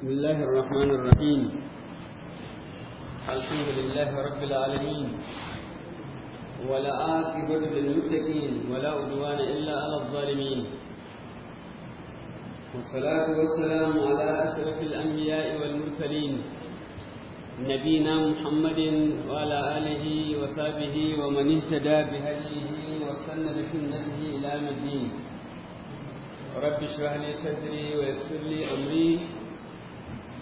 بسم الله الرحمن الرحيم الحمد لله رب العالمين ولا عاقبة للمتقين ولا أدوان إلا على الظالمين والصلاة والسلام على أشرف الأنبياء والمرسلين نبينا محمد وعلى آله وصحبه ومن اهتدى بهديه واستنى بسنته إلى الدين رب اشرح لي صدري ويسر لي أمري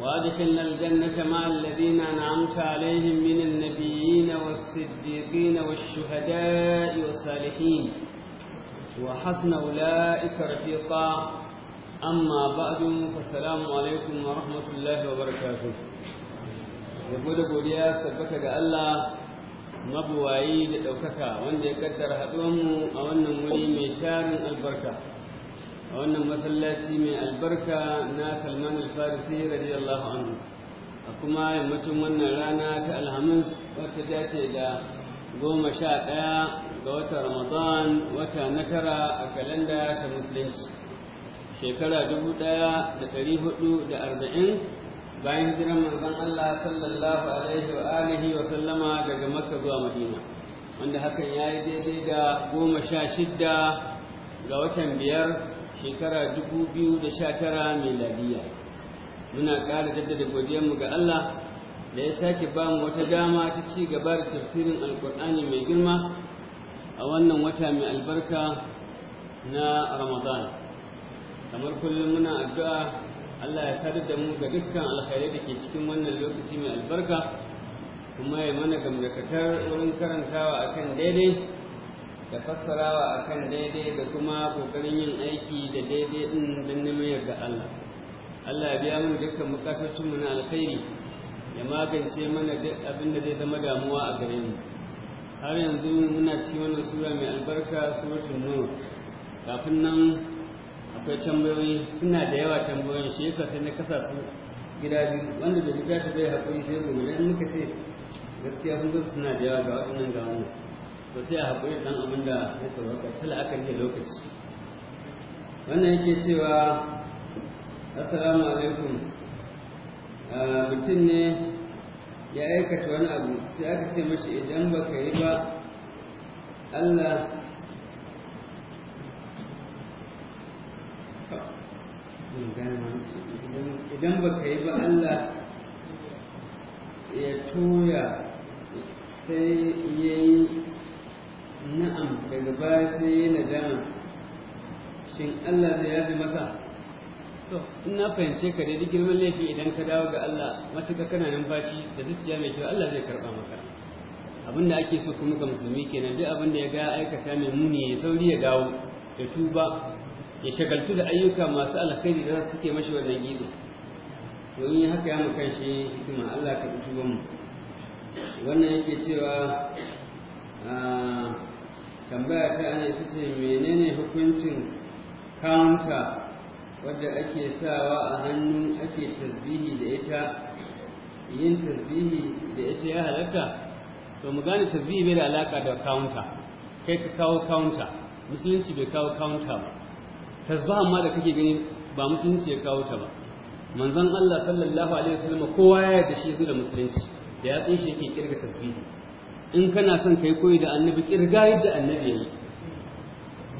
وأدخلنا الجنة مع الذين أنعمت عليهم من النبيين والصديقين والشهداء والصالحين وحسن أولئك رفيقا أما بعد فالسلام عليكم ورحمة الله وبركاته يقول godiya sabbata ga Allah mabuwayi da ɗaukaka wanda ya kaddara haɗuwanmu a wannan wuri mai tarin albarka a wannan masallaci mai albarka na salman Al-Farisi, radiyallahu anhu a kuma yammacin wannan rana ta alhamis wata dace da goma sha ɗaya ga wata ramadan wata na tara a kalanda ta musulunci shekara dubu ɗaya da ɗari hudu da arba'in bayan hijiran manzon allah sallallahu alaihi wa alihi wa sallama daga makka zuwa madina wanda hakan ya yi daidai da goma sha shidda ga watan biyar shekara 2019 miladiya muna ƙara jaddada godiyarmu ga Allah da ya sake ba mu wata dama ta ci gaba da tafsirin alƙur'ani mai girma a wannan wata mai albarka na ramadan kamar kullum muna addu'a Allah ya sadar da mu ga dukkan alkhairai da ke cikin wannan lokaci mai albarka kuma ya mana gamgakatar wurin karantawa akan daidai da fassarawa a kan daidai da kuma ƙoƙarin yin aiki da daidai din don neman yarda Allah Allah ya biya mu dukkan bukatocin mu na alkhairi ya magance mana duk abin da zai zama damuwa a gare mu har yanzu muna ci wani sura mai albarka suratul nur kafin nan akwai tambayoyi suna da yawa tambayoyin shi yasa sai na kasa su gida biyu wanda bai ji tashi bai haƙuri, sai mu dan muka ce gaskiya kun suna da yawa ga waɗannan gamu ba sai a haƙuri ɗan abin da ya sauraka tala aka yi lokaci wannan yake cewa assalamu alaikum mutum ne ya aikata wani abu sai aka ce mashi idan ba ka yi ba allah idan ba ka yi ba allah ya tuya sai ya yi na'am daga baya sai ya nadama shin Allah zai yafi masa to in na fahimce ka dai girman laifi idan ka dawo ga Allah matuƙa kana numfashi da zuciya mai kyau Allah zai karɓa maka abin da ake so kuma ga musulmi kenan duk abin da ya ga aikata mai muni ya sauri ya dawo ya tuba ya shagaltu da ayyuka masu alkhairi da suke mashi wannan gizo to ya haka ya muka shi hikima Allah ka tuba mu wannan yake cewa ah, tambaya ta ana ita ce menene hukuncin kawunta wadda ake sawa a hannu ake tasbihi da ita yin tasbihi da ita ya halatta to mu gane tasbihi bai da alaka da kawunta kai ka kawo kawunta musulunci bai kawo kawunta ba tasbahan ma da kake gani ba musulunci ya kawo ta ba manzon Allah sallallahu alaihi wasallam kowa ya yarda shi zuwa musulunci da ya tsinci yake kirga tasbihi in kana son kai koyi da annabi kirga yadda annabi yayi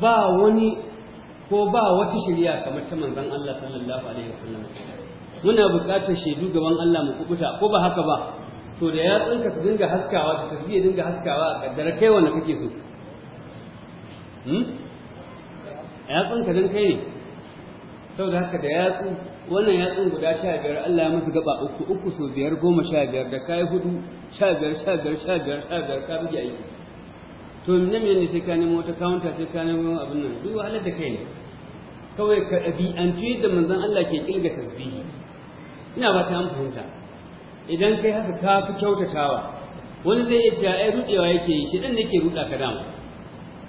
ba wani ko ba wata shari'a kamar ta manzon Allah sallallahu alaihi wasallam muna buƙatar shaidu gaban Allah mu kubuta ko ba haka ba to da ya tsinka su dinga haskawa su tafiye dinga haskawa a kaddara kai wanda kake so hmm? a ya tsinka dan kai ne saboda haka da yatsu wannan yatsun guda sha biyar Allah ya musu gaba uku uku so biyar goma sha biyar da kai hudu Shagar shagar shagar shagar ka buge aiki to ne me ne sai ka nemo wata kawunta sai ka nemo abin nan duk wahalar da kai ne kawai ka ɗabi'antu da manzon Allah ke kilga tasbihi ina ba ta an fahimta idan kai haka ka fi kyautatawa wani zai iya cewa ai rudewa yake yi shi dan ne ke ruda ka dama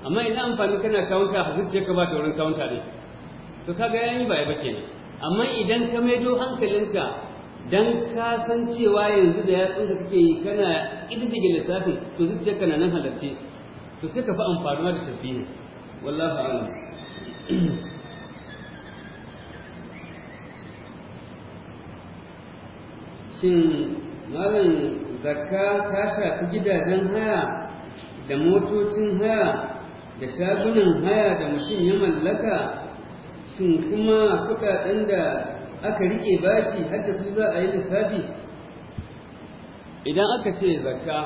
amma idan amfani kana kawunta zuciya ka ba ta wurin kawunta ne to kaga yayi ba ya ba ne amma idan ka maido hankalinka dan ka san cewa yanzu da da kake yi kana ƙididdige lissafin to ka na nan halarce to sai ka fi amfanuwa da tafiya wallahi a'lam shin malam zakka ta shafi gidajen haya da motocin haya da shagunan haya da mutum ya mallaka shin kuma kuɗaɗen da aka rike bashi har da su za a yi lissafi idan aka ce zakka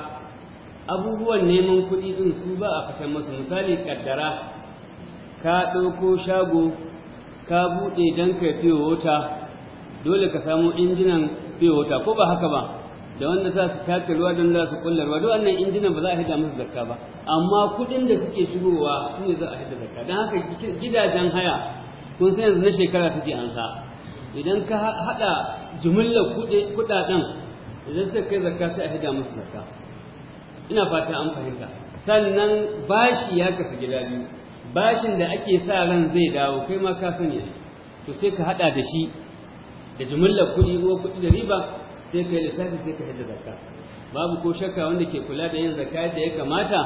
abubuwan neman kuɗi ɗin su ba a fitan masu misali ƙaddara ka ɗauko shago ka buɗe don ka fiye wata dole ka samu injinan fiye wata ko ba haka ba da wanda za su tace ruwa don za su kulla ruwa duk wannan injinan ba za a hida musu zakka ba amma kuɗin da suke shigowa su ne za a hida zakka don haka gidajen haya kun san yanzu na shekara take an sa idan ka haɗa jumillar kuɗaɗen idan sai kai zakka sai a hida musu zakka ina fata an fahimta sannan bashi ya kasu gida biyu bashin da ake sa ran zai dawo kai ma ka sani to sai ka haɗa da shi da jumillar kuɗi ko kuɗi da riba sai ka yi lissafi sai ka hida zakka babu ko shakka wanda ke kula da yin zakka da ya kamata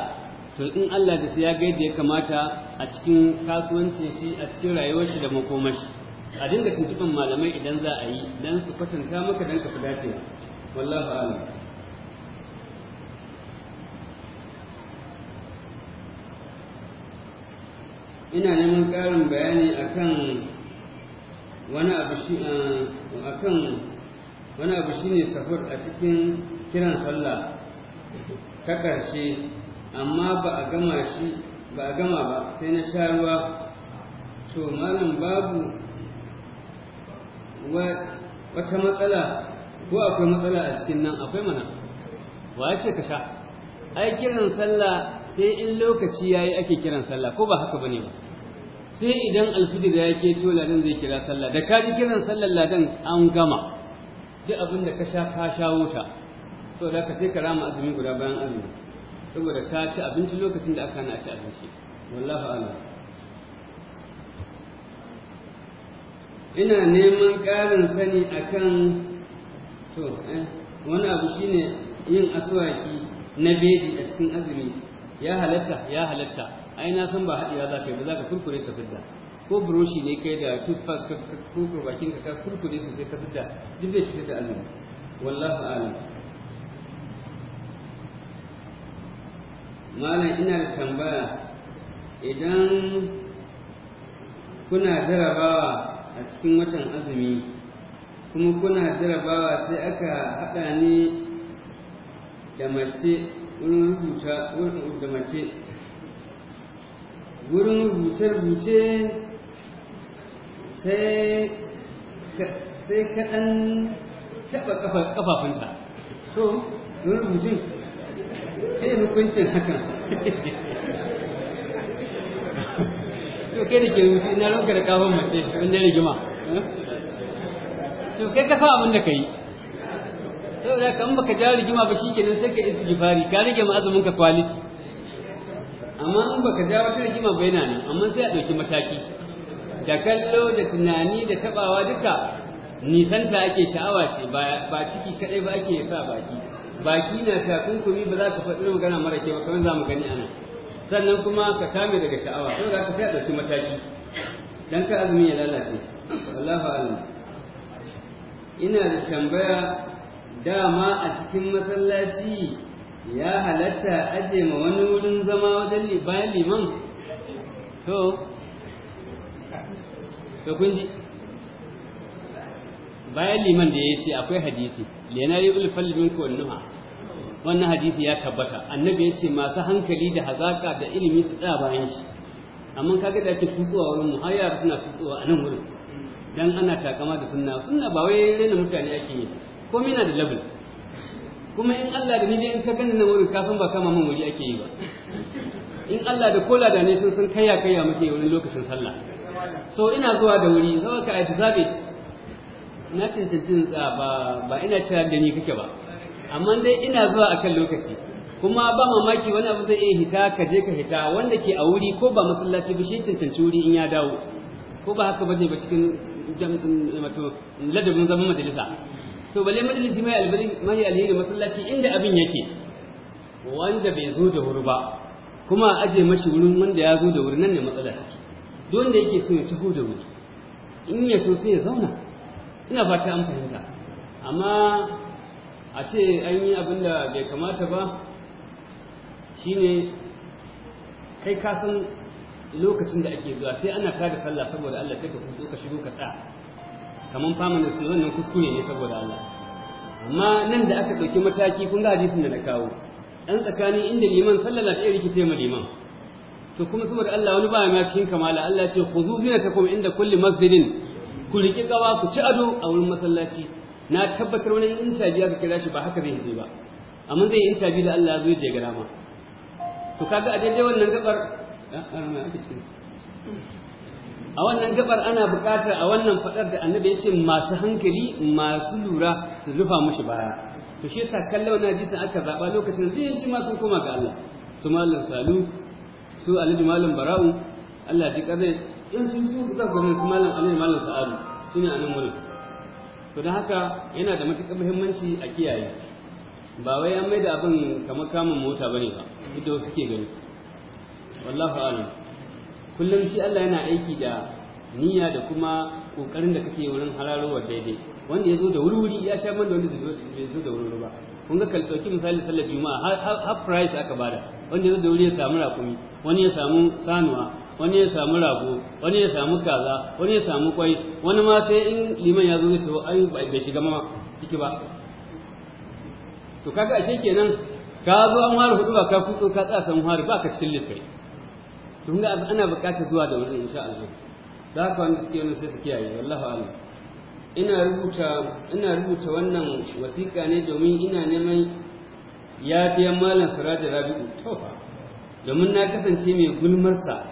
to in Allah da sai ya ga yadda ya kamata a cikin kasuwancin shi a cikin rayuwar shi da makomashi a dinga tuntuɓin malamai idan za a yi dan su kwatanta maka don ka su dace wallahu alam ina neman ƙarin bayani akan wani abu shi akan wani sahur a cikin kiran sallah ta ƙarshe amma ba a gama shi ba a gama ba sai na sha ruwa to malam babu wata matsala ko akwai matsala a cikin nan akwai mana wa ya ce ka sha ai kiran sallah sai in lokaci yayi ake kiran sallah ko ba haka bane ba sai idan alfijir ya ke to ladan zai kira sallah da ka ji kiran sallar ladan an gama duk abin da ka sha ka shawo ta to da ka sai ka rama azumi guda bayan azumi saboda ka ci abinci lokacin da aka na ci abinci wallahi a'lam ina neman ƙarin sani akan to eh, wani abu shine yin aswaki na beji a cikin azumi ya halatta ya halatta ai na san ba haɗewa za ka yi ba za ka kurkure ka fidda ko buroshi ne kai da toothpaste ka kurkure bakin ka ka kurkure sosai ka fidda duk bai fitar da azumi wallahu a'lam malam ina da tambaya idan kuna jarabawa a cikin watan azumi kuma kuna jarabawa sai aka haɗa ni da mace wurin rubuta da mace wurin rubuce-rubuce sai kaɗan taɓa ƙafafunta so wurin rubutun sai hukuncin hakan to kai da ke rubutu ina ranka da kafin mace abin da rigima to kai ka sa abin da ka yi saboda ka in baka ja rigima ba shikenan sai ka jifari ka rage ma azumin ka quality amma in baka ja rigima ba yana ni, amma sai a ɗauki mataki da kallo da tunani da tabawa duka nisanta ake sha'awa ce ba ciki kaɗai ba ake sa baki baki na takunkumi ba za ka faɗi magana mara kyau kamar za mu gani a nan sannan kuma ka kame daga sha'awa saboda haka sai a ɗauki mataki dan ka azumi ya lalace wallahu alam ina da tambaya dama a cikin masallaci ya halatta aje ma wani wurin zama wajen bayan liman to to kun bayan liman da ya ce akwai hadisi lenari ulfal minkum nuha wannan hadisi ya tabbata annabi ya ce masu hankali da hazaka da ilimi su tsaya bayan shi amma ka da ake tutsuwa wurin mu har yara suna tutsuwa a nan wurin dan ana takama da sunna sunna ba wai rena mutane ake yi ko mina da labin kuma in Allah da ni dai in ka gani na wurin ka san ba kama mun wuri ake yi ba in Allah da kola da ne sun san kayya kayya muke wurin lokacin sallah so ina zuwa da wuri saboda ka aita na cancancin ba ba ina cewa da ni kake ba amma dai ina zuwa akan lokaci kuma ba mamaki wani abu zai iya hita ka je ka hita wanda ke a wuri ko ba masallaci ba shi cancanci wuri in ya dawo ko ba haka bane ba cikin wato ladabin zaman majalisa to balle majalisi mai albari mai alheri masallaci inda abin yake wanda bai zo da wuri ba kuma a aje mashi wurin wanda ya zo da wuri nan ne matsalar duk wanda yake so ya taho da wuri in ya so sai ya zauna ina fata an fahimta amma a ce an yi abin da bai kamata ba shine kai kasan san lokacin da ake zuwa sai ana tada sallah saboda Allah sai ka kuso ka shigo ka tsaya famin da su wannan kuskure ne saboda Allah amma nan da aka ɗauki mataki kun ga hadisin da na kawo ɗan tsakanin inda liman sallallahu ya rikice ma liman to kuma saboda Allah wani ba ya ma cikin kamala Allah ce khuzu zinatakum inda kulli masjidin ku riƙi ƙawa ku ci ado a wurin masallaci na tabbatar wani intabi aka kira shi ba haka zai je ba amma zai intabi da Allah zai je ga ma, to kaga a daidai wannan gabar a wannan gabar ana buƙatar a wannan faɗar da annabi ya ce masu hankali masu lura su rufa mushi baya to shi yasa kallon wannan hadisin aka zaɓa lokacin zai ji ma sun koma ga Allah su malam salu su alhaji malam bara'u Allah ya ji ƙarai in sun su za ku malam alhaji malam sa'adu shine anan wurin to don haka yana da matuƙar muhimmanci a kiyaye ba wai an maida abin kamar kamun mota bane ba duk wasu ke gani wallahu alam kullum shi Allah yana aiki da niyya da kuma kokarin da kake wurin hararowar daidai wanda ya zo da wuri ya sha man da wanda ya zo da wuri ba kun ga kalsoki misali sallar juma'a half price aka bada wanda ya zo da wuri ya samu rakumi wani ya samu sanuwa wani ya samu rago wani ya samu kaza wani ya samu kwai wani ma sai in liman ya zo zai to ai bai shiga ma ciki ba to kaga ashe kenan ka zo an fara hudu ba ka kutso ka tsaya san fara ba ka cikin lissafi to ga ana buƙatar zuwa da wurin insha Allah za ka wanda suke wani sai su kiyaye wallahi alim ina rubuta ina rubuta wannan wasiƙa ne domin ina neman fiye malam Siraj Rabi'u to domin na kasance mai gulmarsa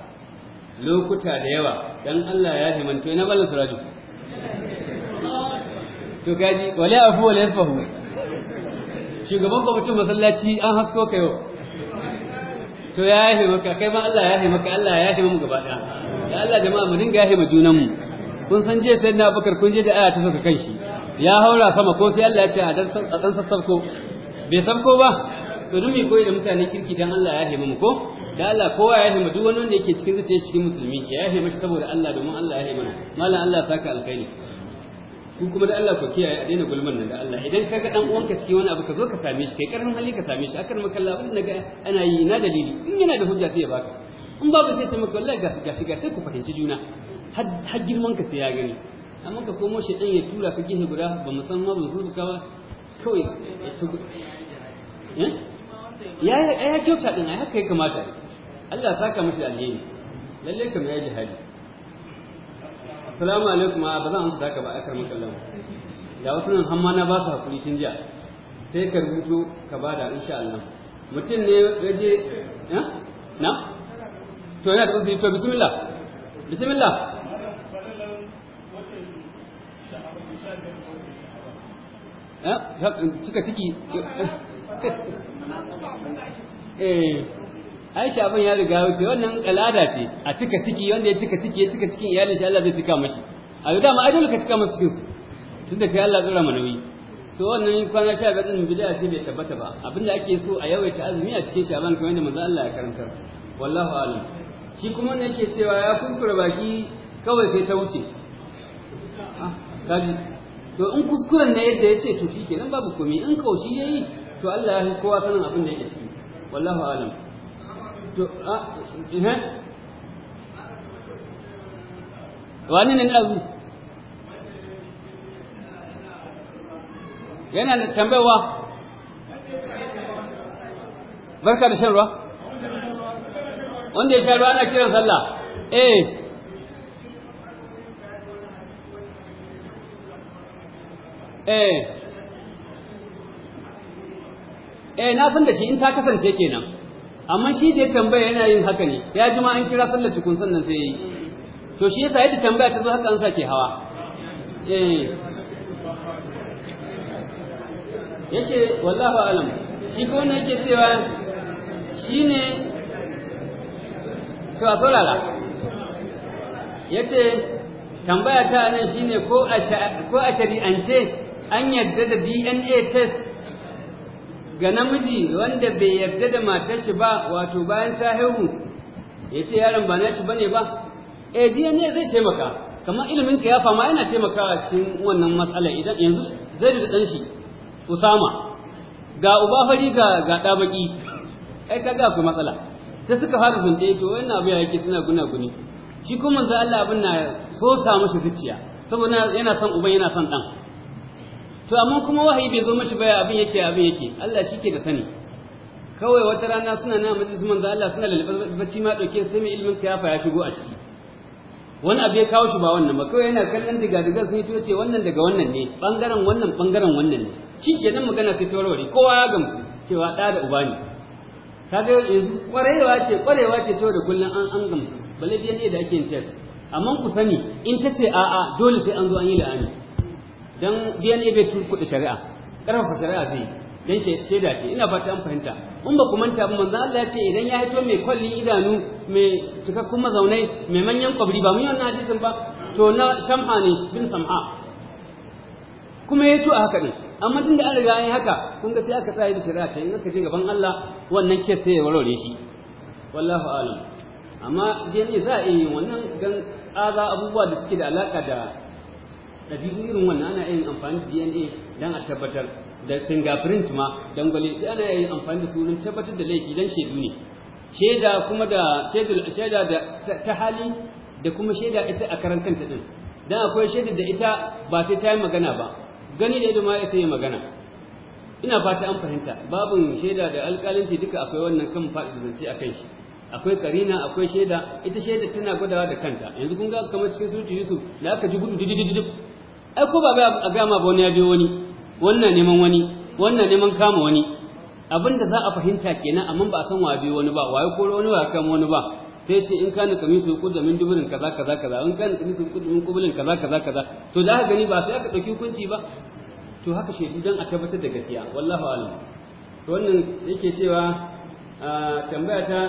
lokuta da yawa dan Allah ya fi manto na ballan suraju to kaji wala afu wala yafahu shugaban kwamitin masallaci an hasko ka yau to ya yi maka kai ma Allah ya yi maka Allah ya yi mu gaba ɗaya ya Allah jama'a mu dinga yi mu junan mu kun san je sai na bakar kun je da aya ta saka kanshi ya haura sama ko sai Allah ya ce a dan sassarko bai sabko ba to dumi koyi da mutane kirki dan Allah ya yi mu ko da Allah kowa ya yi duk wani wanda yake cikin zuciya cikin musulmi ya yi mashi saboda Allah domin Allah ya yafe mana malam Allah saka alkhairi ku kuma da Allah ku kiyaye a daina gulman nan da Allah idan ka ga dan uwanka cikin wani abu ka zo ka same shi kai karfin hali ka same shi akan makalla wani naga ana yi na dalili in yana da hujja sai ya baka in babu sai ce maka wallahi gashi gashi gashi sai ku fahimci juna har girman ka sai ya gani amma ka komo shi dan ya tura ka gina guda ba musamman ba su ka kawai ya eh, eh? ya ya kyauta din ai haka ya kamata Allah saka mishi alheri lalle kam ya jihadi assalamu alaikum ba zan amsa haka ba akar makallan da wasu nan hamma na ba su hakuri tun jiya sai ka rubuto ka bada insha Allah mutum ne ya je eh? na to yana da to bismillah bismillah eh? cika ciki eh aisha abin ya riga wuce wannan al'ada ce a cika ciki wanda ya cika ciki ya cika cikin iyalin shi Allah zai cika mashi a ga dama ajal ka cika masu cikin su tunda kai Allah zura mana nauyi so wannan kwana sha biyar bi bid'a ce bai tabbata ba abinda ake so a yawaita azumi a cikin shaban kamar yadda manzo Allah ya karanta wallahu alam shi kuma wannan yake cewa ya kuskura baki kawai sai ta wuce kaji to in kuskuren ne yadda ya ce to shi kenan babu komai in kaushi yayi to Allah ya kowa sanin abin da yake ciki wallahu alam to ina wani ne azu yana tambayawa barka da shan ruwa wanda ya sha ruwa ana kiran sallah eh eh eh na san da shi in ta kasance kenan amma shi da ya tambaya yana yin haka ne ya ji ma an kira sallar tukun sannan sai yi to shi yasa yadda tambaya ta zo haka an sake hawa eh yace wallahu alam shi ko ne yake cewa shine to a saurara yace tambaya ta nan shine ko a ko a shari'ance an yadda da DNA test ga namiji wanda bai yarda da matar shi ba wato bayan ta haihu ya ce yaron ba nashi bane ba eh ne zai taimaka kamar ilimin ya fama yana taimakawa cikin wannan matsala idan yanzu zai da dan shi Usama ga uba fari ga ga da baki ai kaga akwai matsala sai suka fara zunde to wannan abu yake suna guna guni shi kuma manzo Allah abin na so sa mishi zuciya saboda yana son uban yana son dan to amma kuma wahayi bai zo mashi baya abin yake abin yake Allah shi ke da sani kawai wata rana suna na majalisun manzo Allah suna lalaba bacci ma dauke sai mai ilmin kayafa ya shigo a ciki wani abu ya kawo shi ba wannan ba kawai yana kallon diga diga sun yi ce wannan daga wannan ne bangaren wannan bangaren wannan ne shi kenan magana sai ta kowa ya gamsu cewa ɗa da uba ne kaga yanzu kwarewa ce kwarewa ce ta da kullum an an gamsu balle ne da ake yin test amma ku sani in ta ce a'a dole sai an zo an yi la'ani dan DNA bai turkuɗe shari'a ƙarfafa shari'a zai dan shaida ce ina fata an fahimta in ba ku manta ba manzo Allah ya ce idan ya hito mai kwalli idanu mai cikakkun mazaunai mai manyan kwabri ba mun yi wannan hadisin ba to na shamha ne bin sam'a kuma ya a haka ne amma tunda an riga yayi haka kun ga sai aka tsaya da shari'a ta in aka je gaban Allah wannan kes sai ya warware shi wallahu alam amma DNA za a yi wannan dan aza abubuwa da suke da alaka da ɗabi'u irin wannan ana yin amfani da dna don a tabbatar da fingerprint ma dangwale ana yin amfani da su tabbatar da laifi don shaidu ne shaida kuma da shaida da ta hali da kuma shaida ita a karan kanta din dan akwai shaida da ita ba sai ta yi magana ba gani da ido ma ya sai magana ina fata an fahimta babin shaida da alƙalanci duka akwai wannan kan faɗi zance a kan shi akwai karina akwai shaida ita shaida tana gwadawa da kanta yanzu kun ga kamar cikin surutu yusuf da aka ji gudu dididididid ai ko ba a gama ba wani ya biyo wani wannan neman wani wannan neman kama wani abin da za a fahimta kenan amma ba a san wa biyo wani ba waye koro wani wa kama wani ba sai ce in kana kamin su kudu min duburin kaza kaza kaza in kana kamin su kudu min kubulin kaza kaza kaza to da ka gani ba sai aka dauki hukunci ba to haka shedu dan a tabbatar da gaskiya wallahi alim to wannan yake cewa ah, tambaya ta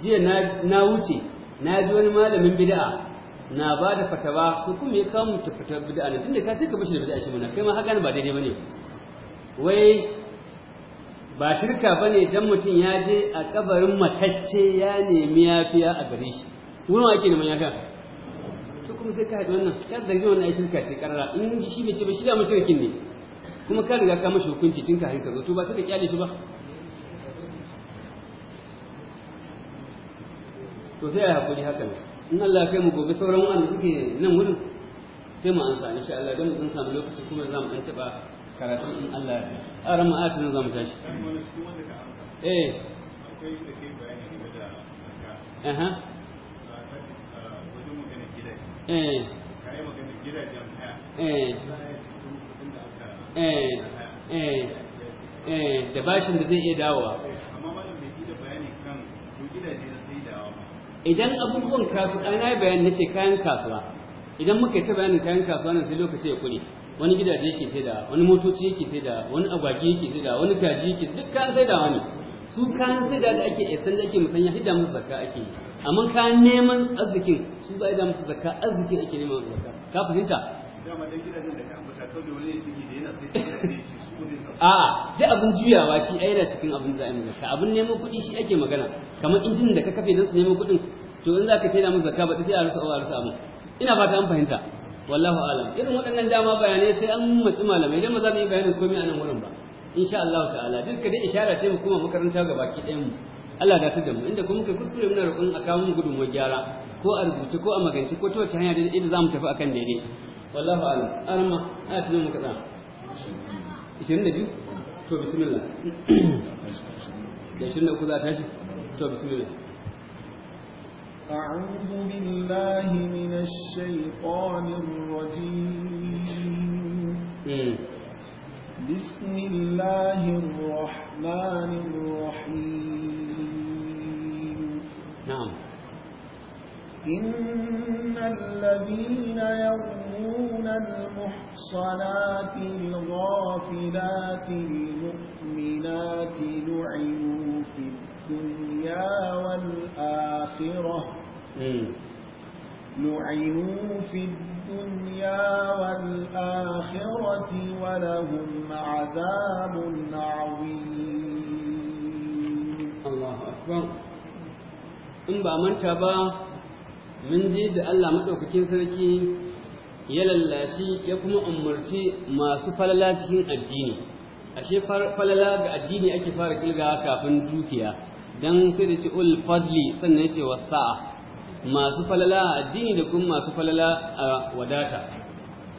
jiya na wuce na ji wani malamin bid'a na ba da fatawa ko kuma ya kawo mutu fatawa bid'a ne tunda ka sai ka bashi da bid'a shi muna kai ma haka ba daidai bane wai ba shirka bane dan mutum ya je a kabarin matacce ya nemi yafiya a gare shi wurin ake neman yafiya to kuma sai ka haɗu wannan kar da gina wannan shirka ce karara in shi ne ce ba shi da mashirkin ne kuma ka riga ka mashi hukunci tun kafin ka zo to ba sai ka kyale shi ba to sai a haƙuri haka ne in Allah ya kai mu gobe sauran wanda suke nan wurin sai mu ansa insha Allah don samu lokaci kuma za mu dan taba karatu in Allah ya kai a ran ma'ati za mu tashi eh. Eh. Eh. da bashin da zai iya dawowa amma malam da bayani kan da idan abubuwan kasuwa na bayan nace kayan kasuwa idan muka ta bayanin kayan kasuwa nan sai lokaci ya kure wani gidaje yake sai da wani motoci yake sai da wani agwagi yake sai da wani kaji yake duk kayan sai da wani su kayan sai da ake isan eh, da ake musanya hidda musu zakka ake yi amma kayan neman arzikin su ba da musu zakka arzikin ake neman zakka ka fahimta a da abin juyawa shi ai yana cikin abin da ainihin ka abin neman kuɗi shi ake magana kamar injin da ka kafe don su neman kuɗin to in zaka ce mun zakka ba sai a rasa a rasa abun ina fata an fahimta wallahu alam irin waɗannan dama bayanai sai an matsi malamai idan ba za mu yi bayanin komai a nan wurin ba insha Allah ta'ala duk dai isharar ce mu kuma makaranta ga baki ɗayan mu Allah da da mu inda kuma kai kuskure muna roƙon a kawo mu gudunmuwar gyara ko a rubuce ko a magance ko ta wace hanya da idan za mu tafi akan daidai wallahu alam arma a tunan muka tsaya 22 to bismillah da 23 za ta ji to bismillah أعوذ بالله من الشيطان الرجيم بسم الله الرحمن الرحيم نعم إن الذين يرمون المحصنات الغافلات المؤمنات لعنوا الدنيا والآخرة لعنوا في الدنيا والآخرة ولهم عذاب عظيم الله أكبر manta ba, mun من da Allah مدوكين sarki ya lallashi ya kuma umarci masu falala cikin addini ashe falala ga addini ake fara kirga kafin dukiya dan sai da ce ul fadli sannan ya ce wasa'a masu falala a addini da kuma masu falala a wadata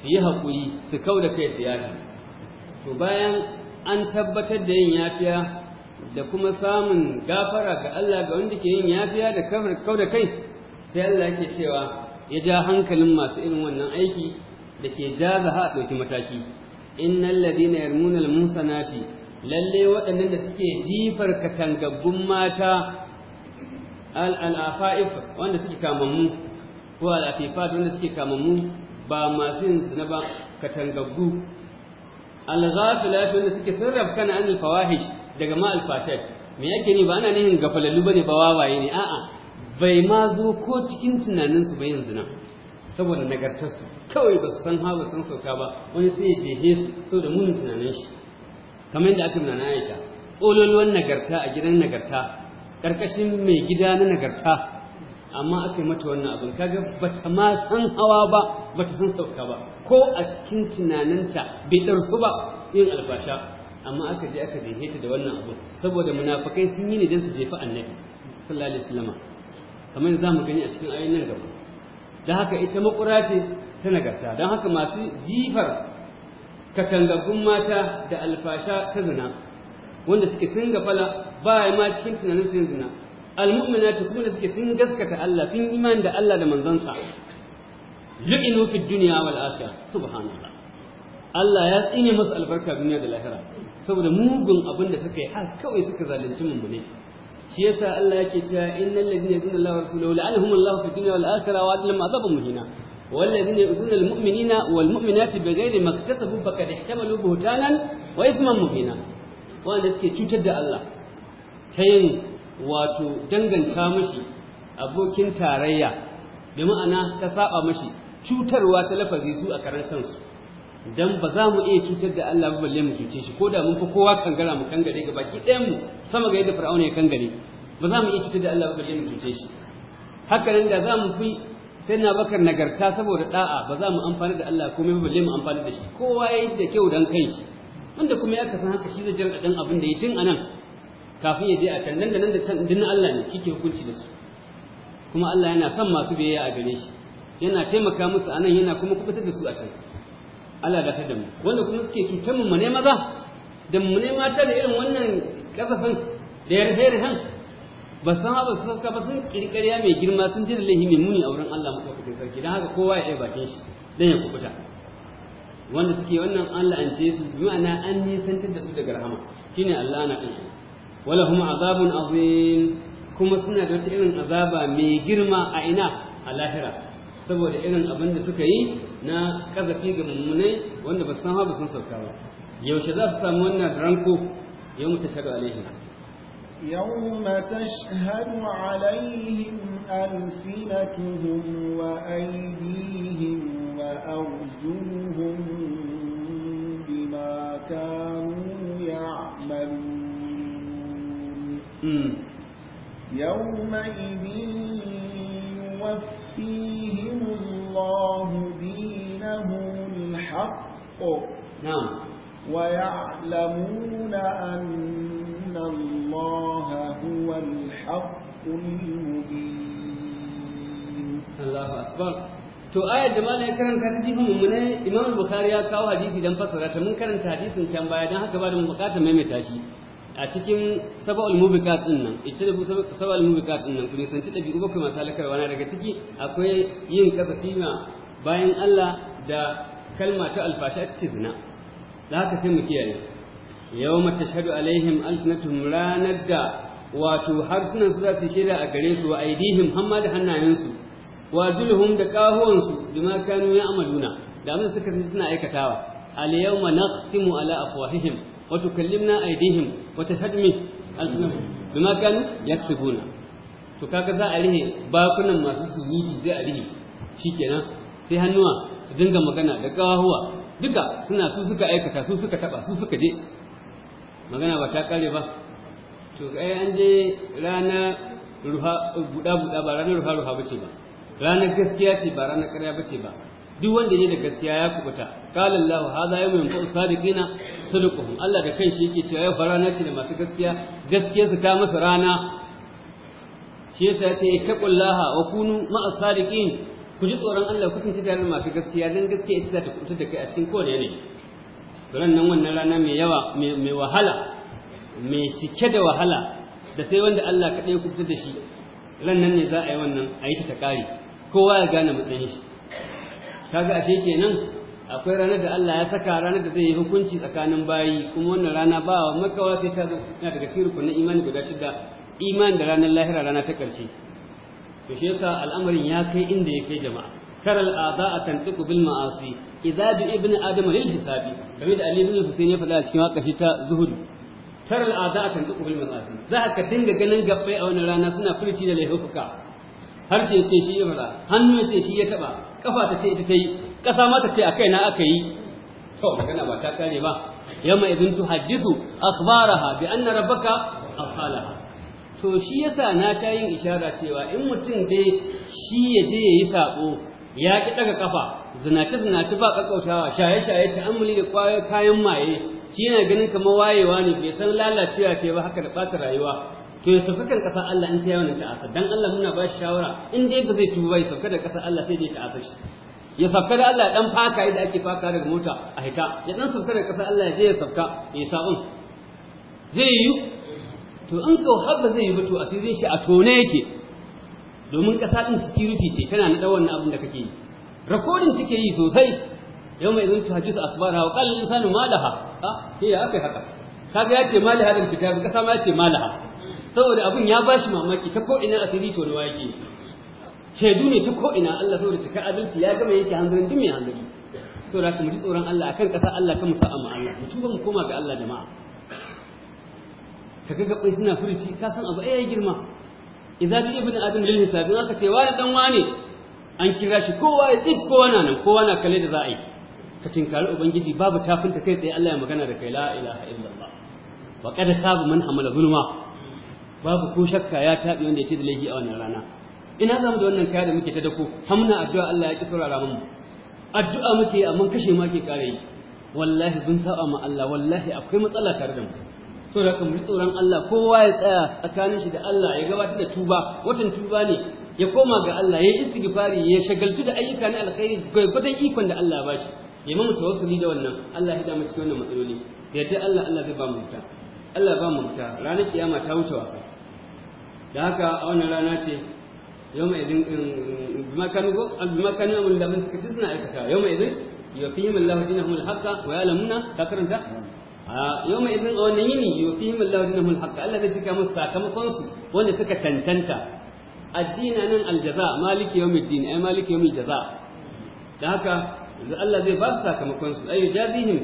su yi haƙuri su kau da kai su to bayan an tabbatar da yin yafiya da kuma samun gafara ga Allah ga wanda ke yin yafiya da kafar kau da kai sai Allah yake cewa ya ja hankalin masu irin wannan aiki da ke jaza ha ɗauki mataki innal ladina yarmuna al-musanati lalle waɗannan da suke jifar katangaggun mata al'afa'if wanda suke kamammu ko al'afifat wanda suke kamammu ba masu yin zina ba katangaggu al’azafi lafi wanda suke sarrafa kana an al-fawahish daga ma al-fashai me yake ne ba ana nihin gafalallu falalu ba wawaye ne a'a bai ma zo ko cikin tunaninsu ba yin zina saboda nagartarsu kawai ba su san ha ba san sauka ba wani sai ya jehe su da munin tunanin shi kamar yadda aka nuna Aisha wannan nagarta a gidan nagarta karkashin mai gida na nagarta amma aka yi mata wannan abin kaga bata ma san hawa ba bata san sauka ba ko a cikin tunaninta bai ɗarsu ba yin albasha amma aka je aka jefe ta da wannan abu saboda munafakai sun yi ne don su jefa annabi sallallahu alaihi wasallam kamar za mu gani a cikin ayoyin nan gaba don haka ita makura ce ta nagarta don haka masu jifar katangagun mata da alfasha ta zina wanda suke sun gafala ba ma cikin tunanin su zina ta kuma da suke sun gaskata Allah sun iman da Allah da manzansa lu'inu fi dunya wal akhirah subhanallah Allah ya tsine musu albarka duniya da lahira saboda mugun abin da suka yi har kawai suka zalunci mummune shi yasa Allah yake cewa innal ladina yadunna Allah wa rasulahu la'anahum Allah fi dunya wal akhirah wa adlam azabun muhina والذين يؤذون المؤمنين والمؤمنات بغير ما اكتسبوا فقد احتملوا بهتانا واثما مبينا وان ذلك تشتد الله تين واتو yin wato danganta mashi abokin tarayya bi ma'ana ta saba mashi cutarwa ta lafazi dan ba za mu iya cutar da Allah ba balle mu cuce shi ko da mun fi kowa kangara mu kangare ga baki ɗayan mu sama ga yadda Fir'auna ya kangare ba za mu iya cutar da Allah ba balle mu cuce shi haka nan da za mu fi sai na bakar nagarta saboda da'a ba za mu amfani da Allah komai ba balle mu amfani da shi kowa ya yi da kyau dan kai wanda kuma ya kasan haka shi zai jira dan abin da ya tun anan kafin ya je a can nan da nan da can dinna Allah ne kike hukunci da su kuma Allah yana son masu biyayya a gare shi yana taimaka musu anan yana kuma kubutar da su a can Allah da kada mu wanda kuma suke cutar mu ne maza da mu ne mata da irin wannan kasafin da yarfe-yarfen ba san ba su sauka ba sun kirkariya mai girma sun ji da laihi mai muni a wurin Allah madaukakin sarki don haka kowa ya yi bakin shi dan ya kubuta wanda suke wannan Allah an ce su ma'ana an nisantar da su daga rahama shine Allah na kan wala kuma azabun azim kuma suna da wata irin azaba mai girma a ina a lahira saboda irin abin da suka yi na kazafi ga mummunai wanda ba san ba sun sauka ba yaushe za su samu wannan ranko ya mutu يوم تشهد عليهم ألسنتهم وأيديهم وأرجلهم بما كانوا يعملون يومئذ يوفيهم الله دينهم الحق نعم ويعلمون أن الله هو الحق المبين الله أكبر to ayar da malai karanta ta jihu mummune imam bukhari ya kawo hadisi dan fassara ta mun karanta hadisin can baya dan haka ba da mun bukata maimaita shi a cikin sab'ul mubiqat din nan ita da sab'ul mubiqat din nan kuma san ci dabi'u bakwai masu halakar na daga ciki akwai yin kasafi bayan Allah da kalma ta alfasha ta zina Za haka sai mu kiyaye yau mata shaɗu alaihim alsinatum ranar da wato harsunan su za su shaida a gare su wa aidihim hamma da hannayensu wa julhum da kahuwansu bima kanu ya amaluna da abin suka ce suna aikatawa al yawma naqtimu ala afwahihim wa tukallimna aidihim wa tashhadu min alsinatum bima kanu yaksubuna to kaga za a rihe bakunan masu surutu zai a rihe shikenan sai hannuwa su dinga magana da kahuwa duka suna su suka aikata su suka taba su suka je magana ba ta kare ba to ai an je rana ruha buda buda ba ranar ruha ruha bace ba ranar gaskiya ce ba ranar ƙarya bace ba duk wanda ne da gaskiya ya kubuta qala allah hadha yawmun yanfa'u sadiqina sadquhum allah da kanshi yake cewa yau rana ce da masu gaskiya gaskiya su ta masa rana shi yasa yake ce ittaqullaha wa kunu ma'as sadiqin ku ji tsoron Allah ku tunci a mafi gaskiya dan gaskiya ita za ta kubutar da kai a cikin kowane yanayi ran nan wannan rana mai yawa mai wahala mai cike da wahala da sai wanda Allah kaɗai ya kubutar da shi ran nan ne za a yi wannan a yi ta kare kowa ya gane matsayin shi kaga ashe kenan akwai ranar da Allah ya saka ranar da zai yi hukunci tsakanin bayi kuma wannan rana ba wa makawa sai ta zo yana daga cikin rukunin imani guda shida imani da ranar lahira rana ta ƙarshe to shi yasa al'amarin ya kai inda ya kai jama'a taral aza'a tantiqu bil ma'asi idza bi ibn adam lil hisabi kamar da ali ibn husayn ya faɗa a cikin wakafi ta zuhud aza aza'a tantiqu bil ma'asi za ka dinga ganin gabbai a wani rana suna furci da laifuka har ce ce shi ya faɗa hannu ce shi ya taɓa. kafa ta ce ita ta yi ƙasa ma ta ce a kaina aka yi to magana ba ta kare ba yamma idin tuhaddidu akhbaraha bi anna rabbaka afalaha to shi yasa na sha yin ishara cewa in mutum dai shi ya je ya yi saɓo ya ki ɗaga ƙafa zinaci zinaci ba ƙaƙƙautawa shaye shaye amuli da ƙwayar kayan maye shi yana ganin kamar wayewa ne bai san lalacewa ce ba haka da ɓata rayuwa to ya sauka kan ƙasa Allah in ta yawon ta'asa dan Allah muna ba shi shawara in dai ba zai tuba ya sauka da ƙasa Allah sai dai ta'asa shi ya sauka da Allah dan faka yadda ake faka daga mota a hita ya dan sauka da ƙasa Allah ya je ya sauka ya sabon zai yi to in ka har ba zai yi ba to zai shi a tone yake domin ƙasa din security ce tana da wannan abin da kake yi rakodin take yi sosai yau mai zan tuhaji su asbara wa kallin insanu malaha a ah, ke ya aka haka kaga ya ce malaha da fita ga kasa ma ya ce malaha saboda abin ya ba shi mamaki ta ko'ina asiri to nawa yake shaidu ne ta ko'ina Allah saboda cikar abinci ya gama yake hanzarin duk mai hanzari to da mu ji tsoron Allah akan ƙasa Allah ka musa amma Allah mutum ba mu koma ga Allah jama'a ka ga gabai suna furuci ka san abu ai girma idan da ibnu adam lil hisabi aka ce wani dan wane an kira shi kowa ya tsif kowa na nan kowa na kalle da za a yi ka tinkari ubangiji babu tafinta kai tsaye Allah ya magana da kai la ilaha illallah wa kada sabu man hamala zulma babu ko shakka ya tabi wanda ya da laifi a wannan rana ina za mu da wannan kaya da muke ta dako hamna addu'a Allah ya ki saurara mu addu'a muke amma kashe ma ke kare yi wallahi bin sa'a ma Allah wallahi akwai matsala tare da mu so da kuma tsoron Allah kowa ya tsaya tsakanin shi da Allah ya gabatar da tuba watan tuba ne ya koma ga Allah ya istighfari ya shagaltu da ayyuka na alkhairi gwargwadon ikon da Allah ba shi ya mamu tawassuli da wannan Allah ya dama cikin wannan matsaloli da yadda Allah Allah zai ba mu mutu Allah ba mu mutu ranar kiyama ta wuce wasa da haka a wannan rana ce yau mai din bima kanu go bima kanu amul da mun suka ci suna aikata yau mai min yafihimullahu dinahu haqqa wa ya'lamuna ta karanta Ah, yau mai izin tsawon yini yau fi himin lawajen mun haka Allah zai cika musu sakamakonsu wanda suka cancanta addina aljaza maliki yau din ai maliki yau jaza da haka Allah zai ba su sakamakonsu ai jazihim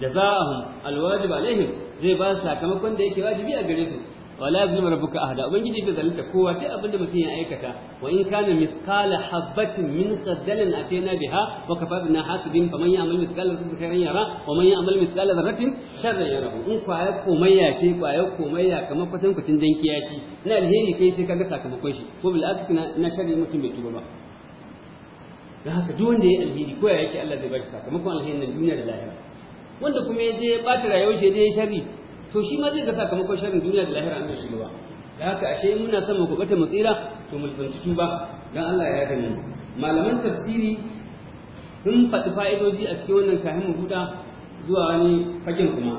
jaza'ahum alwajib alaihim zai ba su sakamakon da yake wajibi a gare su wala yazlimu rabbuka ahada ubangiji bai zalunta kowa sai abin da mutum ya aikata wa in kana mithqala habatin min khardalin atayna biha wa kafa bina hasibin faman ya'mal mithqala dharratin khayran yara wa man ya'mal mithqala dharratin sharran yara in kwaya komayya ce kwaya komai ya kamar kwatan kucin dan kiyashi na alheri kai sai kaga sakamakon shi ko bil aksi na sharri mutum bai tuba ba dan haka duk wanda ya alheri ko ya yake Allah zai ba shi sakamakon alherin nan duniya da lahira wanda kuma ya je ya bata rayuwar shi ya je ya sharri to shi ma zai ga sakamakon sharrin duniya da lahira an shi ba da haka ashe in muna son mu kubata mu tsira to mu zanci ba dan Allah ya yarda mu malaman tafsiri sun faɗi fa'idoji a cikin wannan kahin huda zuwa wani fakin kuma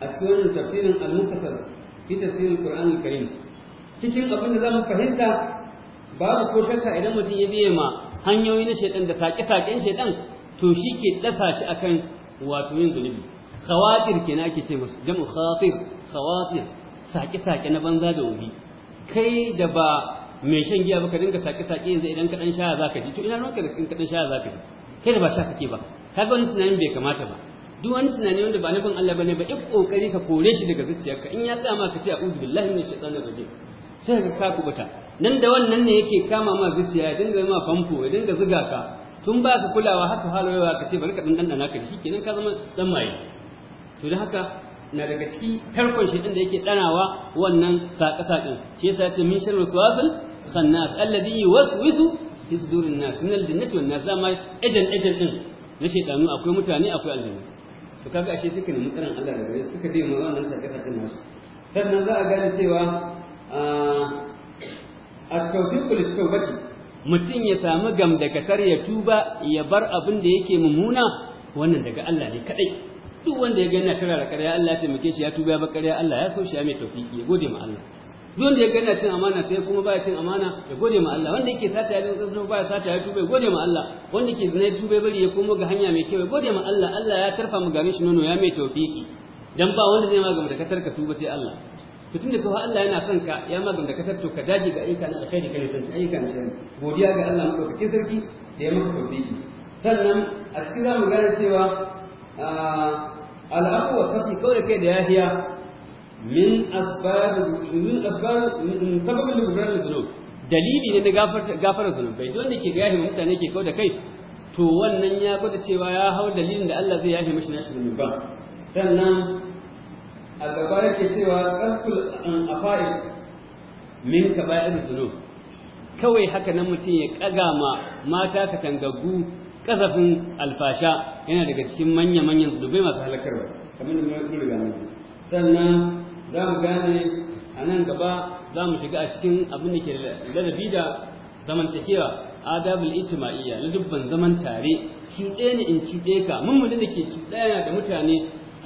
a cikin wannan tafsirin al-mufassal fi tafsirin Qur'an al-Karim cikin abin da zamu fahimta babu ko shakka idan mutum ya biye ma hanyoyi na shaiɗan da take-taken shaiɗan, to shi ke dasa shi akan wato yin zunubi khawatir na ake ce musu jam'u khatir khawatir saki saki na banza da wuri kai da ba mai shan giya ba ka dinga saki saki yanzu idan ka dan za ka ji to ina ranka da kin ka dan shaya zaka ji kai da ba sha kake ba kaga wani tunanin bai kamata ba duk wani tunani wanda ba nufin Allah bane ba in kokari ka kore shi daga zuciyarka in ya tsama ka ce a'udhu billahi minash shaitanir rajim sai ka ka kubuta nan da wannan ne yake kama ma zuciya ya dinga ma famfo ya dinga zuga ka tun ba ka kulawa haka halawa ka ce bari ka dan dandana ka shikenan ka zama dan maye to da haka na daga ciki tarkon shi din da yake danawa wannan saƙa-saƙin shi yasa yace min sharri suwasil khannas alladhi yuwaswisu fi sudurin nas min aljannati wan nas ma ejen ejen din na shaytanu akwai mutane akwai aljanna to kaga ashe suke nemi tsaron Allah da gare suka dai mazan nan saƙa-saƙin nasu sannan za a gane cewa a tawfiqu lit-tawbati mutum ya samu gamdakatar ya tuba ya bar abin da yake mummuna wannan daga Allah ne kadai duk wanda ya ga yana da ƙarya Allah ya taimake shi ya tuba ya bar ƙarya Allah ya so shi ya mai tafiki ya gode ma Allah duk wanda ya ga yana cin amana sai kuma ba ya cin amana ya gode ma Allah wanda yake sata ya ba ya sata ya tuba ya gode ma Allah wanda ke zina ya tuba bari ya komo ga hanya mai kyau ya gode ma Allah Allah ya tarfa mu garin shi nono ya mai tafiki dan ba wanda zai magana da katar ka tuba sai Allah to tunda ko Allah yana son ka ya magana da katar to ka dage ga ayyuka na alkhairi kai san ayyuka na shari'a godiya ga Allah madaukakin sarki da ya maka tafiki sannan a cikin zamu gane cewa al'afu wa safi kawai kai da yahiya min asbabin sababin lubrar zunub dalili ne na gafarar bai don da ke gaya yahi mutane ke kawai da kai to wannan ya gwada cewa ya hau dalilin da Allah zai yahi mashi nashi zunuban sannan a gaba yake cewa kalkul afa'il min kaba'ir zunub kawai haka nan mutum ya kaga ma mata katangaggu kasafin alfasha yana daga cikin manya-manyan zunubai masu halakarwa kamar da mai riga mun sannan za mu gane a nan gaba za mu shiga a cikin abin da ke ladabi da zamantakewa adabul ijtima'iyya na dubban zaman tare cuɗe ne in cuɗe ka mun mutum da ke yana da mutane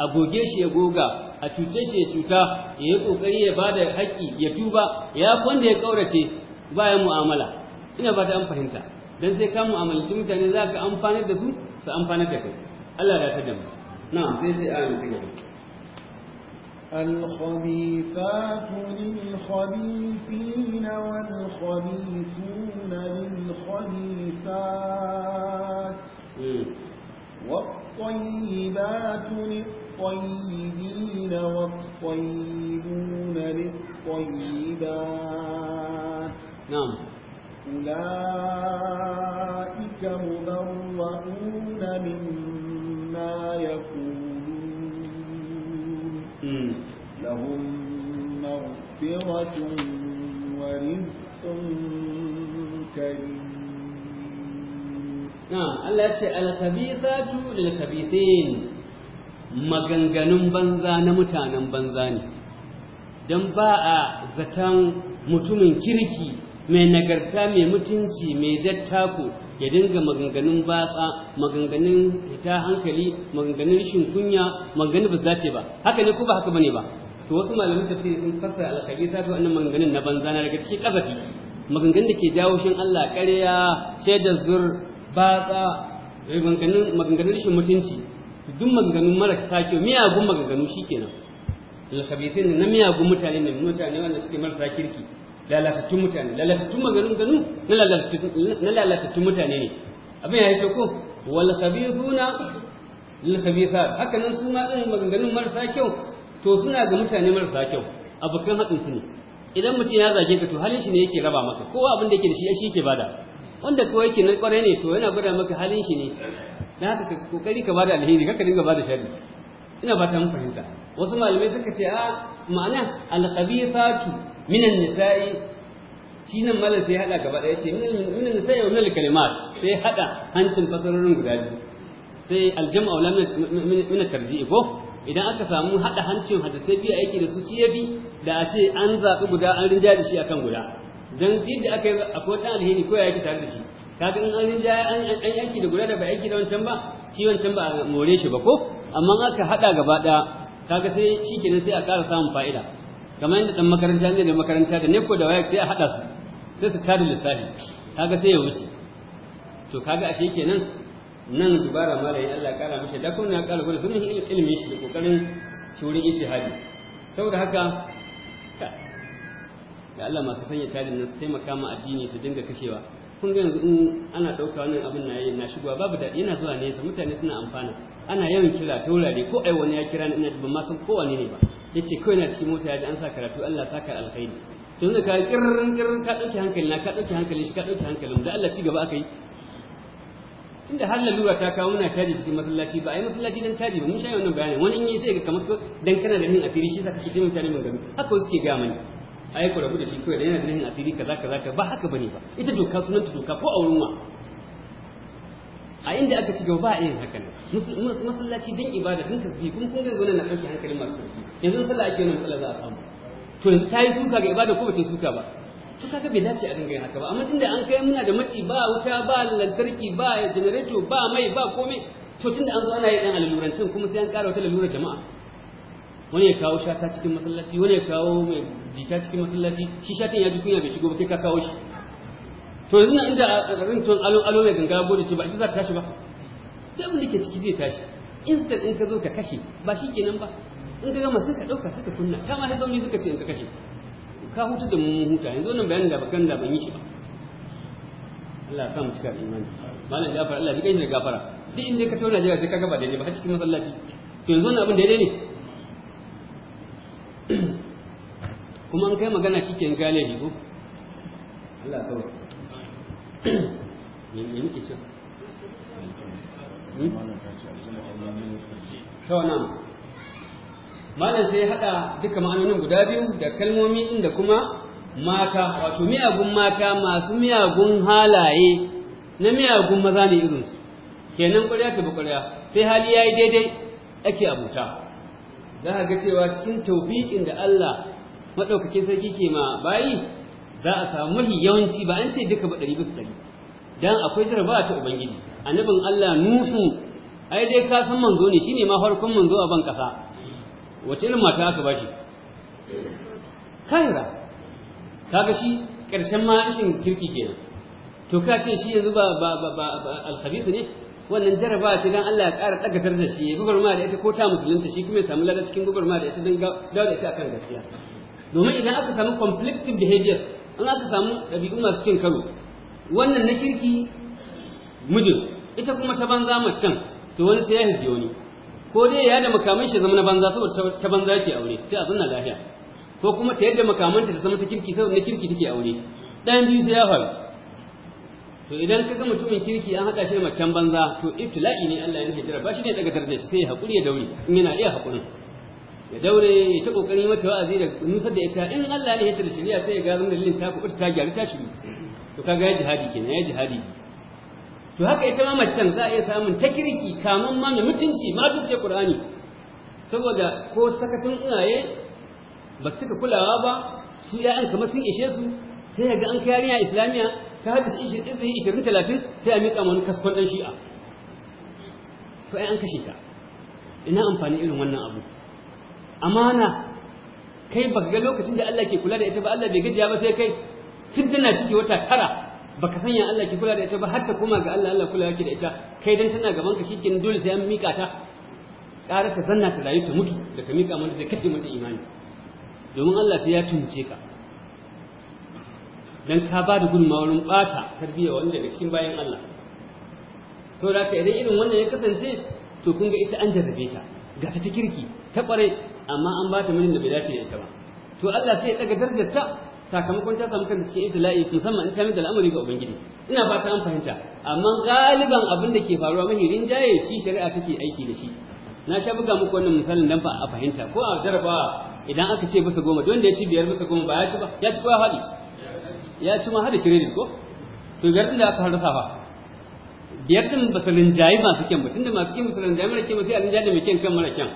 a goge shi ya goga a cuce shi ya cuta ya yi ƙoƙari ya bada haƙƙi ya tuba ya wanda ya ƙaurace bayan mu'amala ina ba ta an fahimta dan sai ka mu'amalci mutane za ka amfani da su su amfanar da kai Allah ya tada mu na'am sai sai ayin kai gaba الخبيثات للخبيثين والخبيثون للخبيثات والطيبات للطيبين والطيبون للطيبات نعم أولئك مبرؤون مما يقولون لهم مغفرة ورزق كريم نعم الله يقول الخبيثات للخبيثين maganganun banza na mutanen banza ne don ba a zaton mutumin kirki mai nagarta mai mutunci mai dattako ya dinga maganganun batsa maganganun hita hankali maganganun shin kunya maganganun ba ce ba haka ne ko ba haka bane ba to wasu malamin tafsiri sun fassara ta to wannan maganganun na banza na daga cikin kafafi. maganganun da ke jawo shin Allah ƙarya shaidar zur batsa maganganun rashin mutunci duk maganganun marasa kyau miyagun maganganu shikenan sun na miyagun mutane ne mutane wanda suke marasa kirki lalatattun mutane lalatattun maganin ganu na lalatattun mutane ne abin ya yi ko wal khabithuna lil sa, haka nan su ma maganin maganganun marasa kyau to suna ga mutane marasa kyau abokan haɗin su ne idan mutum ya zage ka to halin shi ne yake raba maka kowa abin da yake da shi shi yake bada wanda kowa yake na kware ne to yana gwada maka halin shi ne na haka kokari ka bada alheri kaka dinga bada sharri ina ba ta mun fahimta wasu malamai suka ce a ah, ma'ana al-khabithatu minan nisa'i shi nan malar sai hada gaba ɗaya ce minan nisa'i wa minal kalimat sai hada hancin fasarorin guda biyu sai aljama'a wala min tarji'i ko idan aka samu hada hancin hadisai biyu aiki da su shi yafi da a ce an zaɓi guda an rinja da shi akan guda dan yadda aka yi akwai ɗan alheri ko ya yake tare da shi kaga in an rinja an yanki da guda da bai aiki da wancan ba shi wancan ba a more shi ba ko amma aka hada gaba ɗaya kaga sai shi kenan sai a ƙara samun fa'ida kamar yadda ɗan makaranta ne da makaranta da neko da waya sai a haɗa su sai su tada lissafi kaga sai ya wuce to kaga ashe kenan nan dubara malayin Allah ya kara mishi da kuma ya kara gudu sunan ilimi shi da kokarin shurin ijtihadi saboda haka da Allah masu sanya tarin nan su taimaka addini su dinga kashewa kun ga yanzu in ana ɗauka wannan abin na yi na shigowa babu da yana zuwa nesa mutane suna amfana ana yawan kira taurari ko ai wani ya kira ni ina ban ma san kowane ne ba yace kawai na cikin mota ya ji an sa karatu Allah saka alkhairi to da ka kirrin kirrin ka dauke hankali na ka dauke hankalin shi ka dauke hankalin da Allah ci gaba akai tunda har lalura ta kawo muna caji cikin masallaci ba a yi masallaci dan caji ba mun shayi wannan bayanin wani in yi zai ga kamar dan kana da min asiri shi zaka cikin mutane mun gami haka wasu ke gaya mani ai ku rabu da shi kawai da yana da min asiri kaza kaza ka ba haka bane ba ita doka sunanta doka ko a wurin wa a inda aka ci gaba ba a yin haka ne masallaci dan ibada dan tafi kun ga zo na ɗauki hankalin masu tafi yanzu sallah ake wannan matsala za a samu to ta yi suka ga ibada ko ba ta yi suka ba to kaga bai dace a dinga yin haka ba amma tunda an kai muna da maci ba wuta ba lantarki ba generator ba mai ba komai to tunda an zo ana yi dan alurancin kuma sai an ƙara wata lalura jama'a wani ya kawo shata cikin masallaci wani ya kawo mai jita cikin masallaci shi shatin ya ji kunya bai shigo ba kai ka kawo shi to yanzu inda to alo alo mai ganga gode ce ba ita za ta tashi ba sai mun da ke ciki zai tashi instant in ka zo ka kashe ba shi kenan ba sun ga gama suka ɗauka suka kunna ta ma zaune suka ce in ka kashe ka hutu da mun huta yanzu wannan bayanin da bakan da ban yi shi ba Allah sa mu cika da imani malam fara Allah duka da gafara duk inda ka tauna jira sai ka gaba ne ba a cikin masallaci to yanzu wannan abin daidai ne kuma an kai magana shi ke gane ne ko Allah sa ne ne muke hmm? ta wannan malam sai ya haɗa duka ma'anonin guda biyu da kalmomi inda kuma mata wato miyagun mata masu miyagun halaye na miyagun maza ne irinsu kenan ƙwarya ta ƙwarya sai hali ya yi daidai ake abuta za a ga cewa cikin taufiƙin da Allah maɗaukakin sarki ke ma bayi za a samu mahi yawanci ba an ce duka ba ɗari bisa ɗari dan akwai jarabawa ta ubangiji annabin Allah Nuhu ai dai ka san manzo ne shine ma farkon manzo a ban ƙasa. wace irin mata aka bashi Ta kaga shi ƙarshen ma ishin kirki nan. to ka ce shi yanzu ba ba ne wannan jaraba ce dan Allah ya ƙara tsagatar da shi ya ma da ita ko ta musulunta shi kuma ya samu lada cikin ma da ita don dawo da ita akan gaskiya domin idan aka samu conflicting behavior an aka samu ɗabi'u masu cin karo wannan na kirki mijin ita kuma ta banza macen to wani sai ya hizge wani ko dai ya da makaman shi zama na banza saboda ta banza yake aure sai a zanna lafiya ko kuma ta yadda makamanta ta zama ta kirki saboda kirki take aure dan biyu sai ya faru to idan ka ga mutumin kirki an haɗa shi da macen banza to ibtila'i ne Allah ya hijira ba shi ne daga darajar sai ya haƙuri ya daure in yana iya haƙurin ya daure ya ta kokari mata wa'azi da nusar da ita in Allah ya hijira shari'a sai ya ga zan dalilin ta kuɓuta ta gyaru ta shiru to kaga ya jihadi kenan ya jihadi to haka ita ma macen za a iya samun ta kirki kamun ma mai mutunci ma zuciya qur'ani saboda ko sakacin iyaye ba suka kulawa ba su ya'yan kamar sun ishe su sai ga an kai yarinya islamiya ta hadis ishirin talatin sai a miƙa wani kaskon ɗan shi'a to ai an kashe ta ina amfani irin wannan abu amana kai ba ga lokacin da Allah ke kula da ita ba Allah bai gajiya ba sai kai tun tana ciki wata tara baka sanya Allah ki kula da ita ba har ta koma ga Allah Allah kula yake da ita kai dan tana gaban ka shikin dole sai an mika ta kare ta zanna ta rayu ta mutu da ka mika mata da kace mata imani domin Allah sai ya tunce ka dan ka ba da gudunmawa wurin bata tarbiyya wani daga cikin bayan Allah so da ka idan irin wannan ya kasance to kun ga ita an jarrabe ta ga ta kirki ta kware amma an ba ta mijin da bai dace da ita ba to Allah sai ya daga darajar ta sakamakon ta samu kanta cikin ibtila'i musamman in ta mai al'amari ga ubangiji ina fata an fahimta amma galiban abin da ke faruwa mahi rinjaye shi shari'a take aiki da shi na sha buga muku wannan misalin dan ba a fahimta ko a jarabawa idan aka ce bisa goma don da ya ci biyar bisa goma ba ya ci ba ya ci ko ya faɗi ya ci ma hada kiredit ko to biyar din da aka harasa ba biyar din ba su rinjaye masu kyan ba tunda masu kyan ba su rinjaye mara kyan ba sai a rinjaye da mai kyan kan mara kyan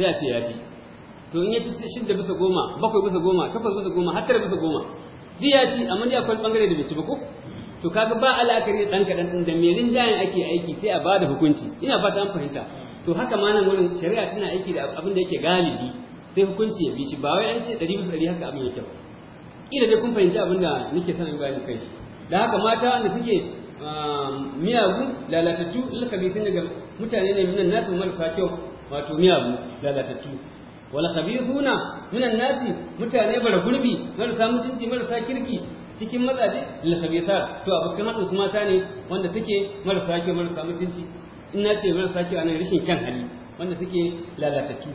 sai a ce ya ci to in ya shin da bisa goma bakwai bisa goma takwas bisa goma har tara bisa goma duk ya ci amma dai akwai bangare da bai ci ba ko to kaga ba al'akari dan kadan din da me rinjayen ake aiki sai a bada hukunci ina fata an fahimta to haka ma nan wurin shari'a tana aiki da abin da yake galibi sai hukunci ya bi shi ba wai an ce 100 100 haka abin yake ba Ina dai kun fahimci abin da nake son in bayani kai da haka mata da suke um, miyagu lalatattu lakabitin daga mutane ne nan nasu marasa kyau wato miyagu lalatattu wala khabithuna an nasi mutane bara gurbi marasa mutunci marasa kirki cikin matsaje lil khabitha to abokan hadu su mata ne wanda take marasa kyau marasa mutunci in na ce marasa kyau anan rashin kyan hali wanda take lalatattu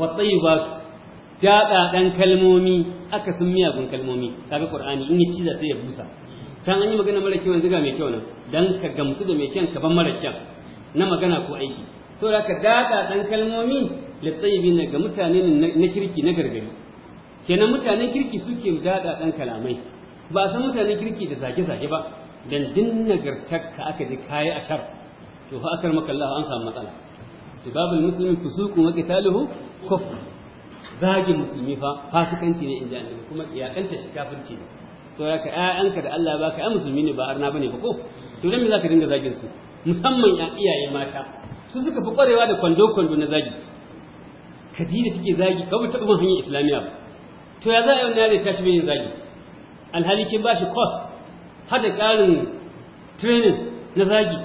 wa tayyibat daɗa dan kalmomi aka sun miyagun kalmomi kaga qur'ani in yi ciza sai ya busa san an yi magana mara kyau yanzu ga mai kyau nan dan ka gamsu da mai kyan ka ban mara kyan na magana ko aiki saboda ka daɗa ɗan kalmomi litsayibi ga mutane na kirki na gargari kenan mutanen kirki suke dada dan kalamai ba san mutanen kirki da zage-zage ba dan dinna gartakka aka ji kayi ashar to fa akar maka Allah an samu matsala sibabul muslimin fusuqun wa qitaluhu kufr zage musulmi fa fasikanci ne inji annabi kuma ya kanta shi kafirci ne to ya ka ƴaƴanka da Allah baka ai musulmi ne ba arna bane ba ko to dan me zaka dinga zagin su musamman ya iyaye mata su suka fi kwarewa da kwando kwando na zagi da take zagi ba ta ban hanyar Islamiya ba to ya za a yi wannan ya tashi yin zagi alhali kin ba shi course har da ƙarin training na zagi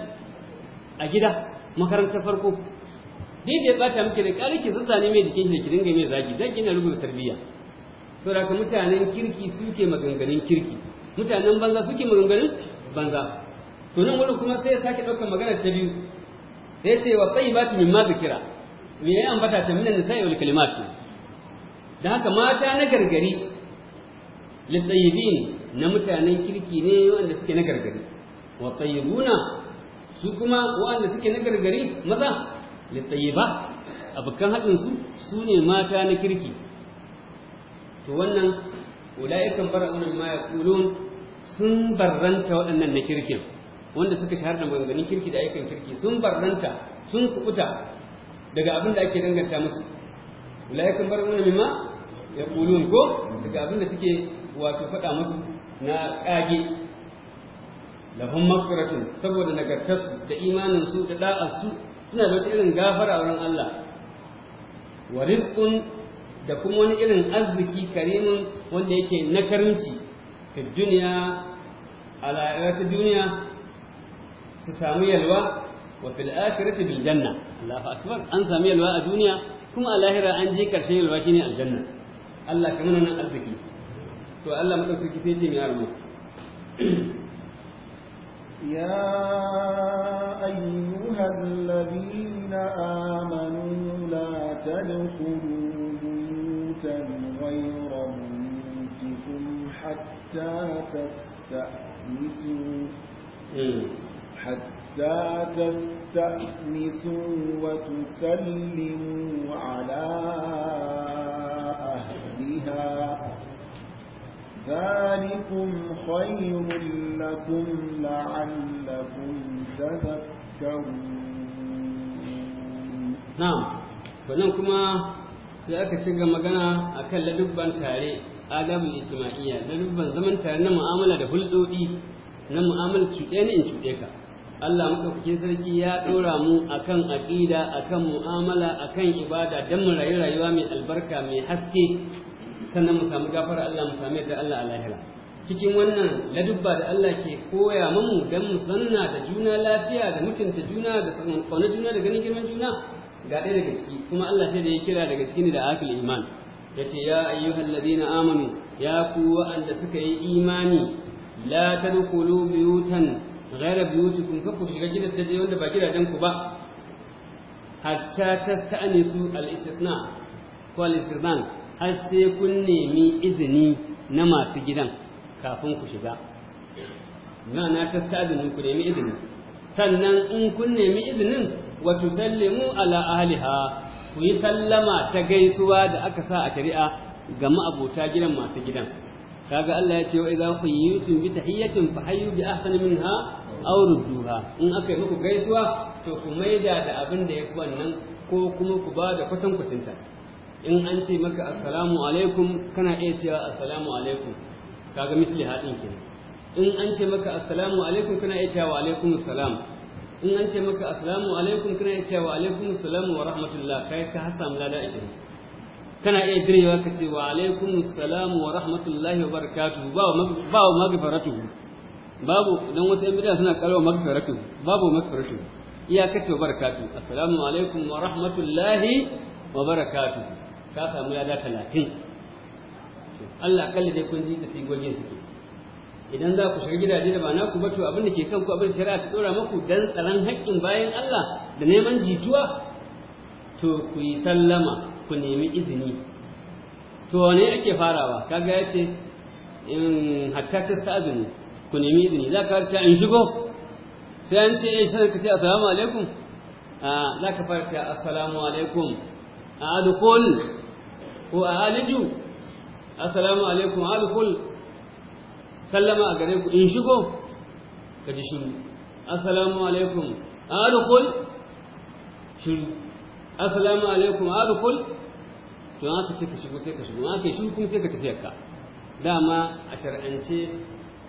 a gida makarantar farko dai da ya shi miki da ƙari ki zazzane mai jikin ki dinga mai zagi zagi na rubuta tarbiyya to da mutanen kirki suke maganganun kirki mutanen banza suke maganganun banza to nan wani kuma sai ya sake ɗaukar magana ta biyu sai ya ce wa tsayi ba ta ma zikira me ya ambata ta minan nisa'i wal kalimat da haka mata na gargari litsayyibin na mutanen kirki ne wanda suke na gargari wa tayyibuna su kuma wanda suke na gargari maza litayyiba abukan hadin su su ne mata na kirki to wannan ula'ikan bara'un ma yaqulun sun barranta waɗannan na kirkin wanda suka shahar da maganganun kirki da ayyukan kirki sun barranta sun kubuta daga abin da ake danganta musu ulaikan bar mimma ya kulun ko daga abin da suke wato faɗa musu na kage lahum maghfiratun saboda nagartarsu da imaninsu da da'arsu suna da irin gafara wurin Allah wa rizqun da kuma wani irin arziki karimin wanda yake na karimci a duniya a rayuwar duniya su samu yalwa wa fil akhirati bil janna Allahu akbar an sami yalwa a duniya kuma a lahira an je karshen yalwa shine aljanna Allah ka mana nan arziki to Allah madaukaki sai ce mai armo ya ayyuhal ladina amanu la tadkhulu buyutan ghayra buyutikum hatta tasta'nisu حتى hmm. حتى تستأنسوا وتسلموا على أهلها ذلكم خير لكم لعلكم تذكرون نعم wannan kuma sai aka ci magana akan ladubban tare adabul ijtima'iyya ladubban zaman tare na mu'amala da hulɗoɗi na mu'amala cuɗe ne in cuɗe ka Allah madaukakin sarki ya ɗora mu akan aƙida akan mu'amala akan ibada don mu rayu rayuwa mai albarka mai haske sannan mu samu gafara Allah mu sami da Allah a cikin wannan ladubba da Allah ke koya mamu don mu sanna da juna lafiya da mutunta juna da kauna juna da ganin girman juna ga ɗaya daga ciki kuma Allah sai da ya kira daga cikin da akil iman Ya ce ya ayyuhal ladina amanu ya ku wa'anda suka yi imani la tadkhulu buyutan غير buyutikum fa ku shiga gidan wanda ba gidajen ku ba hatta tasta'nisu al-istisna ko al har sai kun nemi izini na masu gidan kafin ku shiga ma'ana tasta'dinu ku nemi izini sannan in kun nemi izinin wa tusallimu ala ahliha ku yi sallama ta gaisuwa da aka sa a shari'a ga ma'abota gidan masu gidan kaga Allah ya ce wa idza quyitum bi tahiyatin fa hayyu bi ahsani minha auru duha in aka yi muku gaisuwa to ku maida da abin da ya fi wannan ko kuma ku ba da kwatan kwacinta in an ce maka assalamu alaikum kana iya cewa assalamu alaikum kaga misli haɗin kenan in an ce maka assalamu alaikum kana iya cewa wa alaikum salam in an ce maka assalamu alaikum kana iya cewa wa alaikum salam wa rahmatullah kai ka mala lada 20 kana iya direwa ka ce wa alaikum salam wa rahmatullahi wa barakatuhu ba wa magfaratuhu babu idan wata bid'a suna maka magfiratu babu maka iya iyakati wa barakatu assalamu alaikum wa rahmatullahi wa barakatu ka samu ya da 30 Allah Kalle dai kun ji da sigogin suke idan za ku shiga gidaje da ba naku ba to abin da ke kanku abin shari'a ta dora muku dan tsaron haƙƙin bayan Allah da neman jituwa to ku yi sallama ku nemi izini to ne ake farawa kaga yace in hatta ta azumi ku nemi izini za ka fara in shigo sai an ce eh sai ka ce assalamu alaikum a za ka fara cewa assalamu alaikum a adkhul ko a aliju assalamu alaikum adkhul sallama a gare ku in shigo ka ji shiru assalamu alaikum adkhul shiru assalamu alaikum adkhul to aka ce ka shigo sai ka shigo aka yi shiru kuma sai ka tafi ka dama a shar'ance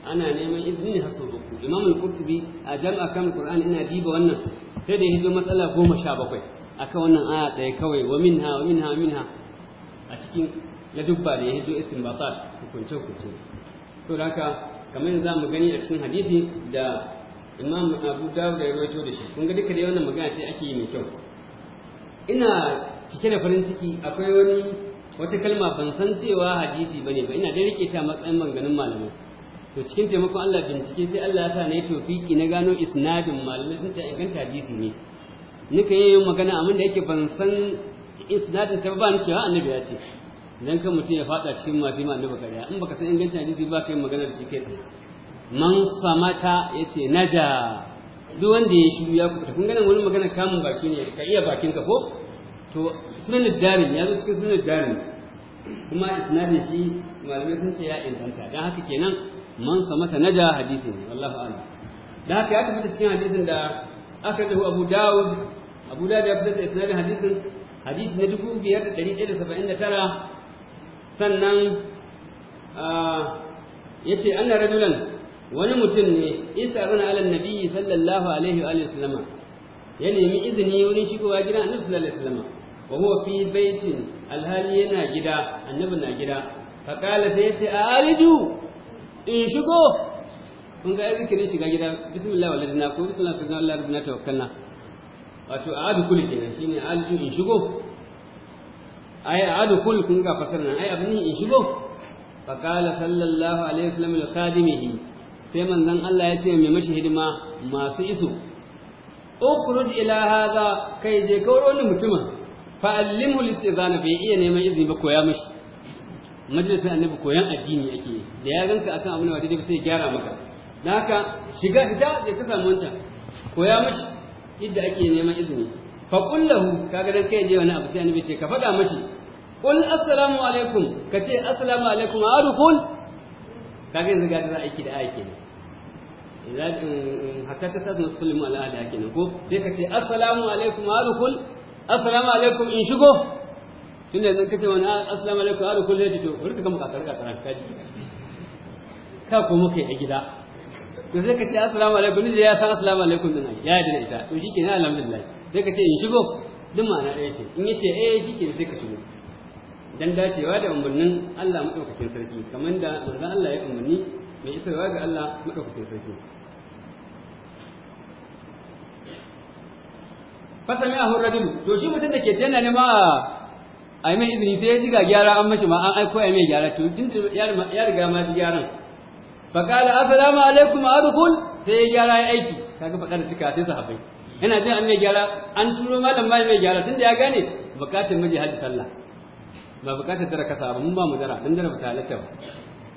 ana neman izini har sau uku imamul qurtubi a jam'a kan qur'ani ina diba wannan sai da ya hizo matsala goma sha bakwai akan wannan aya ɗaya kawai wa minha wa minha wa minha a cikin na dubba da ya hizo istinbatat hukunce hukunce to da haka kamar yadda mu gani a cikin hadisi da imam abu dawud ya rawaito da shi kun ga duka dai wannan magana ce ake yi mai kyau ina cike da farin ciki akwai wani wata kalma ban san cewa hadisi bane ba ina da rike ta matsayin maganganun malamai to cikin taimakon Allah bincike sai Allah ya sa na yi tofiki na gano isnadin malamai sun ce inganta hadisi ne nika yin magana amma da yake ban san isnadin ta ba ni cewa annabi ya ce dan kan mutum ya fada cikin masu yi annabi kariya in baka san ingancin hadisi ba kai magana da shi kai man samata yace naja duk wanda ya shiru ya kuka kun ganin wani magana kamun baki ne ka iya bakin ka ko to sunan darin ya zo cikin sunan darin kuma isnadin shi malamai sun ce ya inganta dan haka kenan man samata naja hadisi ne wallahu a'lam da haka ya tabbata cikin hadisin da aka dahu Abu Dawud Abu Dawud ya fitar da isnadin hadisin hadisi na dubu biyar da ɗari ɗaya da saba'in da tara sannan ya ce an na rajulan wani mutum ne isa abin alan nabiyyi sallallahu alaihi wa sallama ya nemi izini wurin shigowa gidan annabi sallallahu alaihi wa sallama wa huwa fi baitin alhali yana gida annabi na gida fa qala sai yace alidu in eh, shigo kun ga zikirin shiga gida bismillah walidna ko bismillah kaza Allah rabbina tawakkalna wato a'adu kul kenan shine alju in shigo ai a'adu kul kun ga fasar nan ai abin in shigo fa qala sallallahu alaihi wasallam al qadimihi sai manzon Allah ya ce mai mashi hidima masu iso ukhruj ila hadha kai je kauro ni mutumin fa'allimu litizana bai iya neman izini ba koya mashi majalisar annabi koyan addini ake yi da ya ganka akan abin da daidai sai gyara maka da haka shiga da ya ka samu wancan koya mashi yadda ake neman izini fa kullahu kaga dan kai je wani abu sai annabi ce ka faɗa mashi qul assalamu alaikum ka ce assalamu alaikum adkhul kaga yanzu ga da aiki da aiki idan hatta ta tsaya musulmi ala ala kenan ko sai ka ce assalamu alaikum adkhul assalamu alaikum in shigo tunda yanzu kace wani ah, assalamu alaikum ala ah, kullu yadi to ka kama ka karka karanta kaji ka ko muka yi gida to sai kace assalamu alaikum ni ya san assalamu alaikum din ya yi da ita to shikenan alhamdulillah sai kace in shigo duk ma'ana ɗaya ce in yace eh shikenan sai ka shigo dan dacewa da umarnin Allah madaukakin sarki kamar da manzon Allah ya umarni mai isarwa ga Allah madaukakin sarki fasami ahur rajulu to shi mutun da ke tana ne ma a yi mai izini sai ya ji ga gyara an mashi ma an aiko ya mai gyara to tun ya riga ma shi gyaran kala assalamu alaikum adkhul sai ya gyara ya aiki kaga fa kada cika sai sahabbai yana jin an mai gyara an turo malam mai mai gyara tunda ya gane bukatun miji haji sallah ba bukatun tara kasa ba mun ba mu dara dan dara ba halatta ba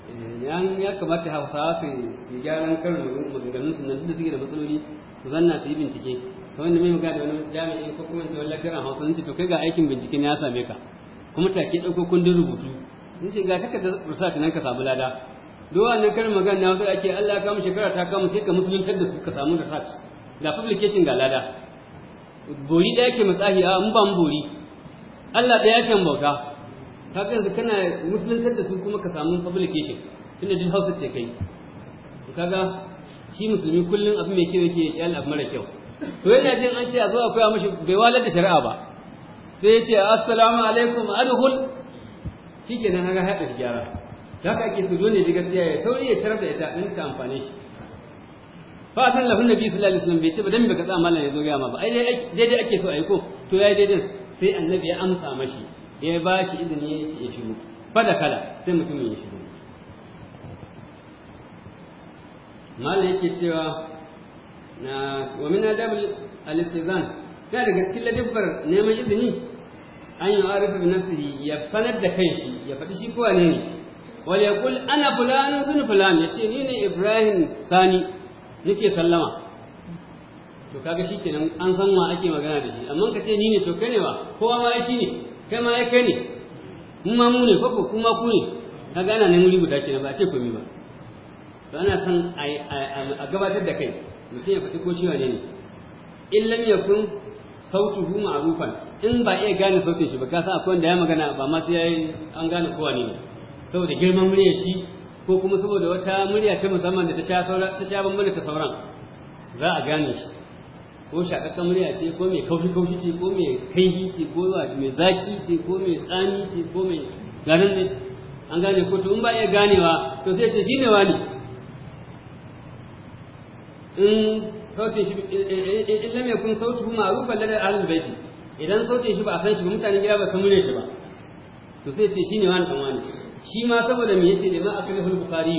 eh, yan ya kamata hausawa su gyaran karin maganganun su nan duk da suke da matsaloli su zanna su yi bincike wanda mai magana da wani jami'i ko kuma wani lakaran hausa sun ce to kai ga aikin binciken ya same ka kuma take ɗauko kundin rubutu sun ce ga taka da research nan ka samu lada duk wannan karin magana na wasu ake Allah ya kama shekara ta kama sai ka musuluntar da su ka samu da research ga publication ga lada bori ɗaya ke matsahi a mun ba mu bori Allah ɗaya kan bauta ka ga yanzu kana musuluntar da su kuma ka samu publication tunda duk hausa ce kai kaga shi musulmi kullum abin mai kyau yake yalla mara kyau to yana jin an ce a zo a koya mashi bai walar da shari'a ba sai ya ce assalamu alaikum adhul kike nan ga hadin gyara da haka ake so dole ji gaskiya ya sauri ya tarar da ita in ta amfane shi fa san lahu nabi sallallahu alaihi wasallam bai ce ba dan baka tsama mallan ya zo ga ma ba ai daidai ake so ai ko to yayi daidai sai annabi ya amsa mashi ya ba shi izini ya ce ya shigo fa da kala sai mutumin ya shigo mallan yake cewa na wa min adab al-istizan da daga cikin ladabbar neman izini an yi arifu bi nafsihi ya sanar da kanshi ya faɗi shi kowa ne ne wal yaqul ana fulan bin fulan yace ni ne Ibrahim Sani nake sallama to kaga shi shikenan an san ma ake magana da shi amma ka ce ni ne to kai ne ba kowa ma shi ne kai ma ya kai ne Mun ma mu ne ko kuma ku ne kaga ana nan wuri guda kenan ba a ce komai ba to ana san a gabatar da kai mutum ya faɗi ko shi wane ne in lam yakun sautuhu ma'rufan in ba iya gane sautin shi ba ka san akwai wanda ya magana ba ma sai yayi an gane ko wane ne saboda girman muryar shi ko kuma saboda wata murya ce musamman da ta sha sauran ta sha bambanta ta sauran za a gane shi ko shaƙaƙƙen murya ce ko mai kaushi kaushi ce ko mai kaihi ce ko mai zaki ce ko mai tsani ce ko mai garin ne an gane ko to in ba iya ganewa to sai ce shine wani in sautin shi in lam yakun sautuhu ma'rufan lada ahlul idan sautin shi ba a san shi ba mutanen gida ba san mune shi ba to sai ce shine wani dan wani shi ma saboda me yace da ma akalul bukhari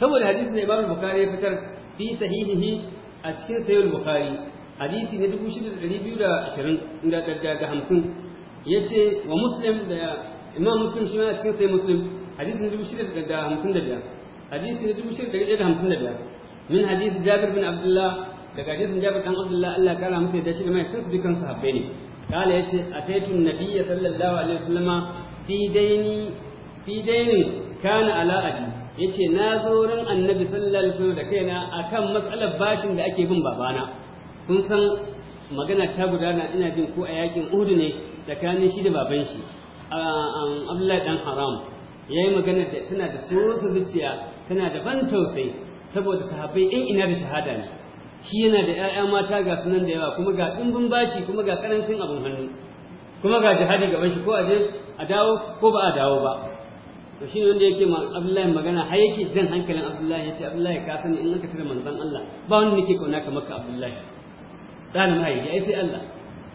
saboda hadisin da imam bukhari ya fitar fi sahihihi a cikin sahih bukhari hadisi ne 6220 inda da 50 yace wa muslim da imam muslim shi ma a cikin sahih muslim da 6255 hadisi ne biyar. min جابر بن عبد الله daga hadisin Jabir dan Abdullah Allah kara masa da shi da mai kansu dukan sahabbai ne kala yace ataitu nabiyya sallallahu alaihi wasallama fi daini fi daini kana ala adi yace na zo ran annabi sallallahu alaihi wasallam da kaina akan matsalar bashin da ake bin babana kun san magana ta gudana ina jin ko a yakin Uhud ne tsakanin shi da baban shi um, Abdullahi dan Haram yayi magana da tana da sosa zuciya tana da ban tausayi saboda sahabbai in ina da shahada ne shi yana da ƴaƴa mata ga sunan da yawa kuma ga ɗimbin bashi kuma ga ƙarancin abin hannu kuma ga jihadi gaban shi ko a je a dawo ko ba a dawo ba to shine wanda yake ma Abdullahi magana har yake jan hankalin Abdullahi yace Abdullahi ka sani in ka tare manzon Allah ba wanda nake kauna kamar ka Abdullahi dan mai ya sai Allah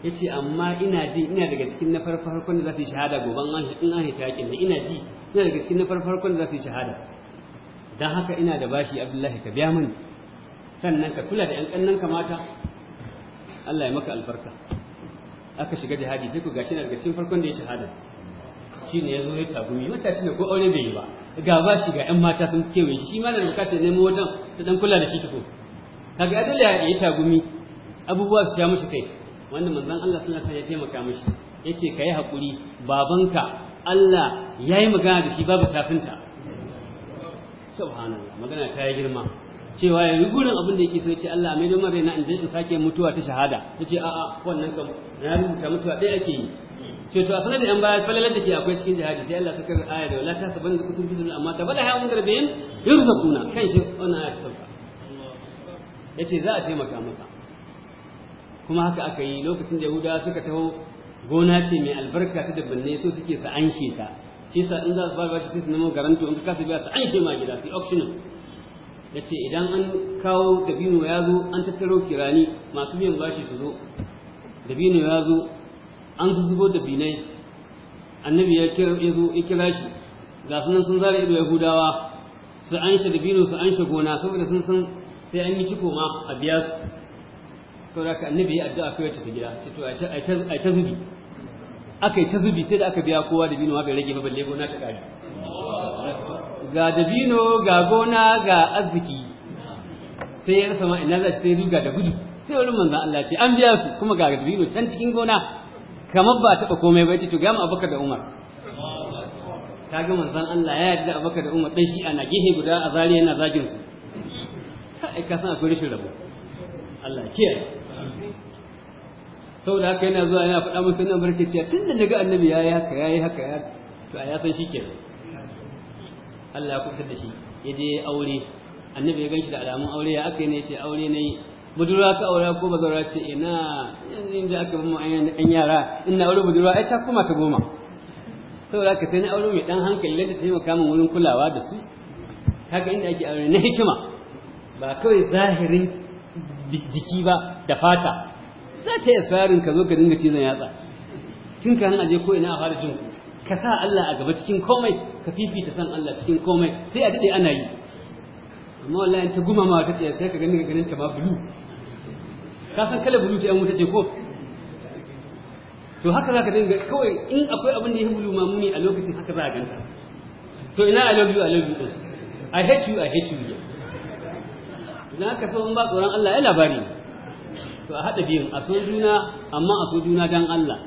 yace amma ina ji ina daga cikin na farfarkon da zai shahada goban an in an hita yakin ina ji ina daga cikin na farfarkon da zai shahada don haka ina da bashi abdullahi ka biya mini sannan ka kula da yan kannan ka mata Allah ya maka albarka aka shiga jihadi sai ku gashi na daga cikin farkon da ya shahada shi ne ya zo ya tagumi matashi ne ko aure bai yi ba ga bashi ga yan mata sun kewaye shi ma da bukatar neman wajen ta dan kula da shi tuko kaga ya dole ya yi tagumi abubuwa su ja mishi kai wanda manzon Allah sallallahu alaihi wasallam ya taimaka mishi yi kai hakuri babanka Allah ya yi magana da shi babu tafinta subhanallah magana ta yi girma cewa yanzu gurin abin da yake so ce Allah mai don raina in je in sake mutuwa ta shahada yace a a wannan kam na rubuta mutuwa ɗaya ake yi ce to a sanar da yan baya falalar da ke akwai cikin jihadi sai Allah sakar aya da wala ta saban da kusur bidun amma ta bala hayan garbayin yurzakuna kan shi wannan aya ta sauka yace za a taimaka maka kuma haka aka yi lokacin da Yahudawa suka taho gona ce mai albarka ta dabbanne so suke sa an ta shi sa in za su ba shi sai su nemo garanto in ka kasa biya su an shi ma gida su yi auctioning ya ce idan an kawo dabino ya zo an tattaro kirani masu biyan bashi su zo dabino ya zo an zubo dabinai annabi ya zo ya kira shi ga sunan sun zara ido yahudawa su an shi dabino su an shi gona saboda sun san sai an yi ciko ma a biya su saboda ka annabi ya addu'a kai ta gida ce to ai ta zubi aka yi ta zubi sai da aka biya kowa da bino bai rage ba balle gona ta kare ga dabino ga gona ga arziki sai ya rasa ma'ina ina za sai ruga da gudu sai wurin manzon Allah ce an biya su kuma ga dabino can cikin gona kamar ba taɓa komai ba ce to ga mu abubakar da umar kaga manzon Allah ya yarda abubakar da umar dan shi ana gehe guda a zari yana zagin su kai ka san akwai rashin rabo Allah kiyaye saboda haka yana zuwa yana faɗa musu nan barka cewa tun da daga annabi ya yi haka ya yi haka ya to ya san shi ke Allah ya kuka da shi ya je aure annabi ya gan shi da alamun aure ya aka yi ne ce aure na yi budurwa ka aura ko bazawara ce ina inda aka bamu an yara ina aure budurwa ai ta kuma ta goma saboda haka sai na aure mai dan hankali da taimaka min wurin kulawa da su haka inda ake aure na hikima ba kawai zahirin jiki ba da fata za ta yi tsarin ka zo ka dinga cizon yatsa tun ka aje ko ina a fara cin ka sa Allah a gaba cikin komai ka fifita san Allah cikin komai sai a dade ana yi amma wallahi ta guma ma ta ce sai ka gani ganin ta ma bulu ka san kala bulu ta yan wuta ce ko to haka za ka dinga kawai in akwai abin da ya bulu ma muni a lokacin haka za a ganta to ina a love a I love I hate you I hate you idan aka so in ba tsoron Allah ya labari to a haɗa biyun a so juna amma a so juna dan Allah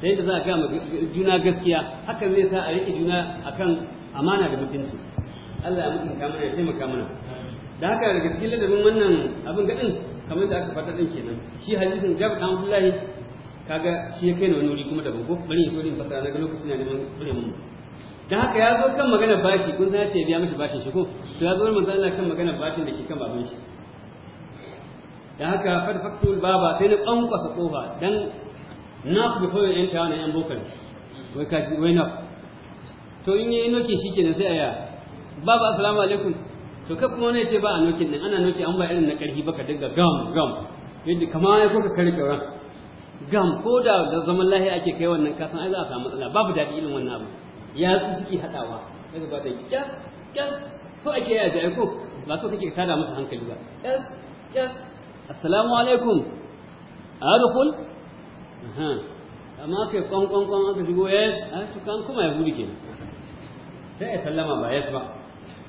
ta yadda za a gama juna gaskiya hakan zai sa a riƙe juna akan amana da mutunci Allah ya mutunta mana ya taimaka mana da haka daga cikin ladabin wannan abin gaɗin kamar da aka faɗa ɗin kenan shi hadisin jabir ɗan Abdullahi kaga shi ya kai na wani wuri kuma daban ko bari ya so din fasara na ga lokacin na neman ƙure mun da haka ya zo kan magana bashi kun san ce biya mashi bashin shi ko to ya zo wani manzo Allah kan magana bashin da ke kan baban shi da haka farfaktu baba sai na kwankwasa kofa dan na ku before yan tawa na yan bokan wai ka ci wai na to in yi noke shikenan sai aya baba assalamu alaikum to ka kuma ne ce ba a nokin nan ana noki an ba irin na karfi baka daga gam gam yadda kama ya kuka kare kyauran gam ko da zaman lahi ake kai wannan kasan ai za a samu matsala babu daɗi irin wannan abu ya su suke haɗawa daga ba ta kyas kyas so ake yaya da aiko ba so kake tada musu hankali ba kyas kyas assalamu alaikum adkhul aha amma kai kon kon aka shigo yes an kuma ya gudu kenan sai ya sallama ba yes ba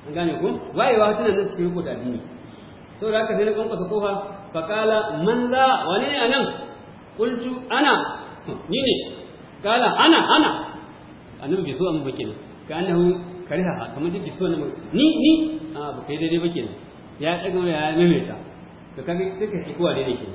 an gane ku wayewa tana nan cikin rubuta addini saboda haka sai na kankasa kofa fa qala man za wane ne anan qultu ana ni ne qala ana ana annabi bai so amma kenan ka annahu kariha kamar da bai so ni ni a ah, ba kai daidai ba kenan ya tsaga ya maimaita to kaga duka ikuwa ne ke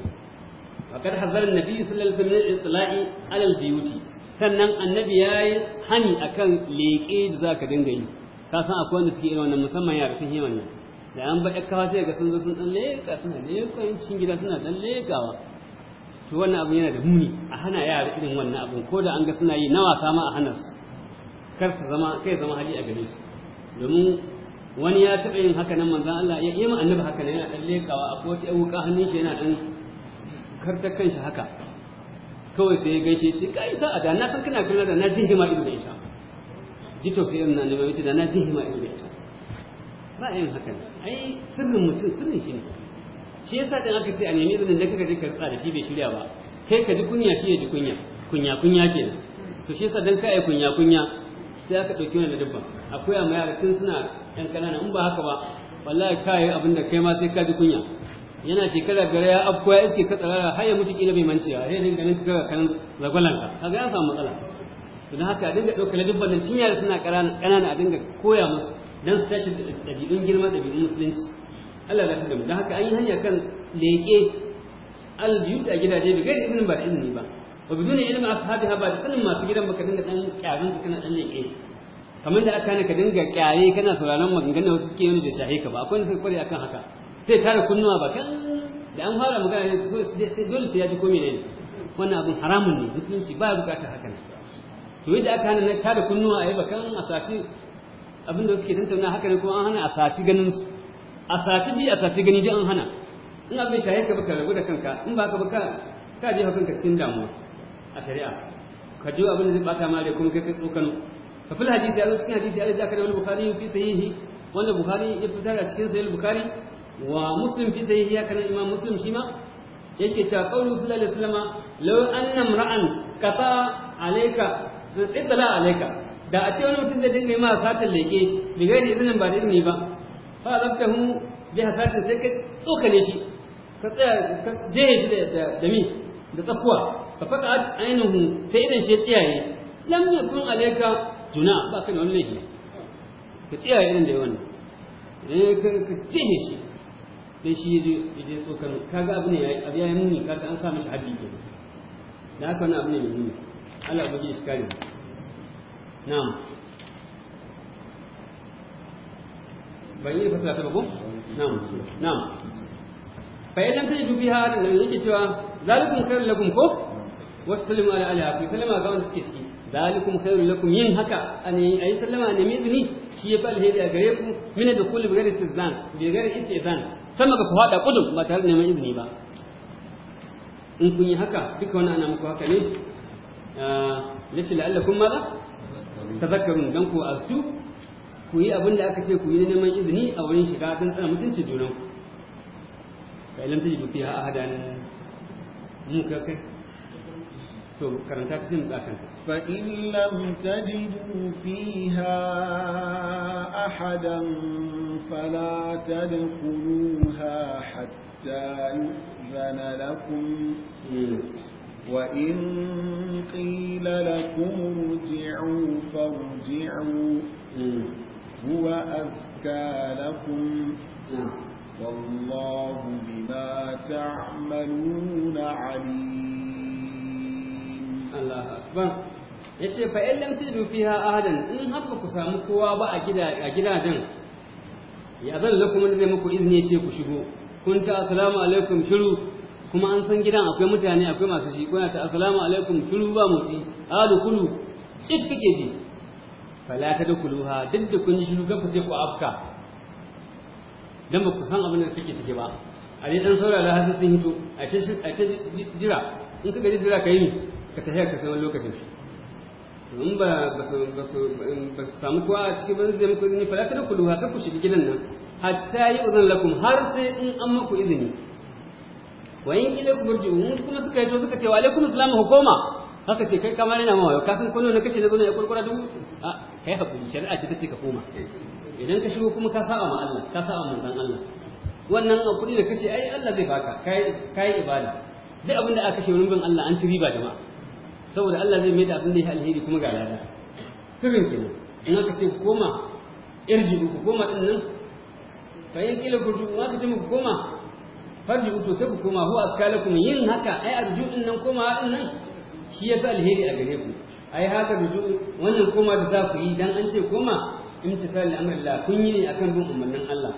faqad hazara an-nabi sallallahu alaihi wasallam itlai alal biyuti sannan annabi yayi hani akan leƙe da zaka dinga yi ka san akwai wanda suke irin wannan musamman yara sun wannan da an ba ka sai ga sun zo sun dan leƙa suna leƙa cikin gida suna dan leƙawa to wannan abu yana da muni a hana yara irin wannan abun ko da an ga suna yi na wasa a hana kar su zama kai zama hali a gare su domin wani ya taɓa yin haka nan manzan Allah ya yi annabi haka nan yana ɗan leƙawa a kowace ɗan wuƙa hannun shi yana ɗan karta kanshi haka kawai sai ya gaishe ce ka isa a da na san kana kallon da na jin hima ido da ita ji to sai yana nemi wuce da na jin hima ido da ita ba yin haka ai sirrin mutum sirrin shi ne shi yasa dan aka ce a nemi izinin da ka je ka da shi bai shirya ba kai ka ji kunya shi ya ji kunya kunya kunya kenan to shi yasa dan ka ai kunya kunya sai aka ɗauki wani dabba akwai amma yara tun suna yan kanana in ba haka ba wallahi kayi abin da kai ma sai ka ji kunya yana shekara biyar ya afkuwa ya iske katsara tsarara har mutu ƙila bai manci ba sai ganin ka ga kan zagwalanka ga ya samu matsala don haka a dinga ɗaukar dubban cinya da suna ƙanana a dinga koya musu don su tashi ɗabi'un girma ɗabi'un musulunci Allah ya shiga mu don haka an yi hanya kan leƙe al a gidaje bai gaida ibnin ba da izini ba wa biduna ilmi ashabiha ba da sanin masu gidan baka dinga ɗan kyabin su kana ɗan leƙe kamar da aka hana ka dinga kyare kana sauraron maganganun wasu suke yana da shahe ka ba akwai suka kware akan haka sai tare kunnuwa ba kan da an fara magana ne sai dole sai ya ji komai ne wannan abin haramun ne musulunci ba ya bukata haka ne to yadda aka hana na tare kunnuwa a yi kan a sati abin da suke tantauna haka ne kuma an hana a sati ganin su a sati ji a sati gani dai an hana in abin shahe ka baka rabu da kanka in ba ka baka ka je hakan ka cikin damuwa a shari'a ka ji abin da zai bata ma da kuma kai ka tsokano fa fil hadisi a cikin hadisi Allah zakara wal bukhari fi sahihi wanda bukhari ya fitar a cikin sahih bukhari wa muslim fi sahihi ya kana imam muslim shi ma yake cewa qawlu sallallahu alaihi wasallam law anna imra'an qata alayka tsitala da a ce wani mutum zai dinga yi ma satin leke bi gairi izinin ba da izini ba fa zabtahu bi hasatin sai ka tsokane shi ka tsaya ka jehe shi da mi da tsakuwa fa faqa ainihu sai idan shi tsiyaye lam yakun alayka juna ba ka da wani laifi ka tsiyaye irin da yawan eh, ka cinye shi dai shi ya je tsokan kaga abu ne abu ya yi nuni kaga an sa mishi haddi kenan da haka wani abu ne mai nuni Allah ya buge shi kare na'am ban yi fasara ta bako na'am na'am fa idan ta dubi ha da yake cewa zalikum khairul lakum ko wa sallimu ala alihi wa sallama ga wanda suke ciki zalikum khairul lakum yin haka an ayi sallama ne mai izini shi ya fa alheri a gare ku mina da kullu bigari tizan bigari istizan sama ga ku hada kudum ba tare da neman izini ba in kun haka duka ana muku haka ne nace ah, la'allakum maza tazakkarun dan ku astu ku yi abin da aka ce ku yi neman izini a wurin shiga a tsara mutunci junan ku fa ilam to karanta ta jin zakanta fa in lam tajidu fiha ahadan fala tadkhuluha hatta yu'zana lakum وإن قيل لكم ارجعوا فارجعوا هو أزكى لكم والله بما تعملون عليم Allahu akbar yace fa in lam tajidu fiha ahadan in har ku samu kowa ba a gida a gidajen ya zan lakum da zai muku izini yace ku shigo kun ta assalamu alaikum shiru kuma an san gidan akwai mutane akwai masu shi kuna ta assalamu alaikum shiru ba motsi alu kulu cik kike ji fala ta dukuluha duk da kun ji shiru kan ku sai ku afka dan ba ku san abin da take cike ba a dai dan saurara har sun hito a cikin jira in ka gaji jira kai ni ka tafiya ka san lokacin shi in ba ba samu kowa a cikin ban zai muku izini fala ta ku duha ku shiga gidan nan hatta yi uzan lakum har sai in an maku izini wa in ila ku burji mun kuma suka yato suka ce wa alaikum assalamu hukuma haka ce kai kamar ina mawa ka san kullu na kace na zo ya kurkura dubu a ah, kai hakuri shari'a ce tace ka koma idan ka shigo kuma ka saba ma Allah ka saba manzon Allah wannan kuɗi da kace ai Allah zai baka kai kai ibada duk abinda aka kashe wurin bin Allah an ci riba jama'a saboda Allah zai mai da abin da ya alheri kuma ga lada sirrin kenan in aka ce ku koma irji ku koma din nan fa in kila gudu ina ka ce ku koma farji ku to sai ku koma hu askalakum yin haka ai arju din nan koma din nan shi sa alheri a gare ku ai haka ruju wannan koma da za ku yi dan an ce koma imtisal amrillah kun yi ne akan bin umarnin Allah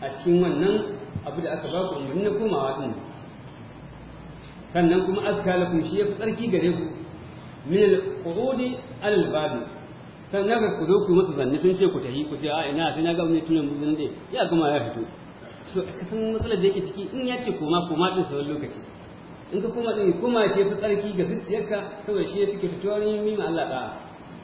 a cikin wannan abu da aka ba ku umarnin komawa din nan sannan kuma azka lakum shi yafi tsarki gare ku min al-qudi al-babi sannan ga ku zo ku musu zanni sun ce ku tahi ku ce a ina sai na ga wani tunan buzun dai ya gama ya fito to ka san matsalar da yake ciki in ya ce koma koma din sauran lokaci in ka koma din koma shi yafi tsarki ga zuciyarka saboda shi yafi fitowa ne min Allah da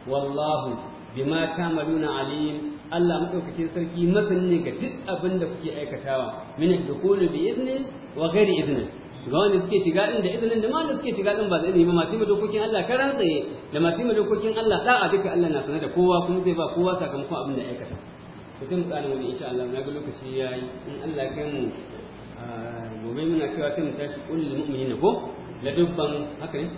wallahu bima ta'maluna alim Allah madaukakin sarki masani ne ga duk abin da kuke aikatawa min dukulu bi izni wa ghairi izni ga wanda suke shiga din da izinin da wanda suke shiga din ba zai nemi masu madokokin Allah karan tsaye da masu madokokin Allah da'a duka Allah na sanar da kowa kuma zai ba kowa sakamakon abin da aikata to sai mu tsani wani insha Allah na ga lokaci yayi in Allah ya kai mu gobe muna cewa sai mu tashi kullul mu'minina ko la dubban haka ne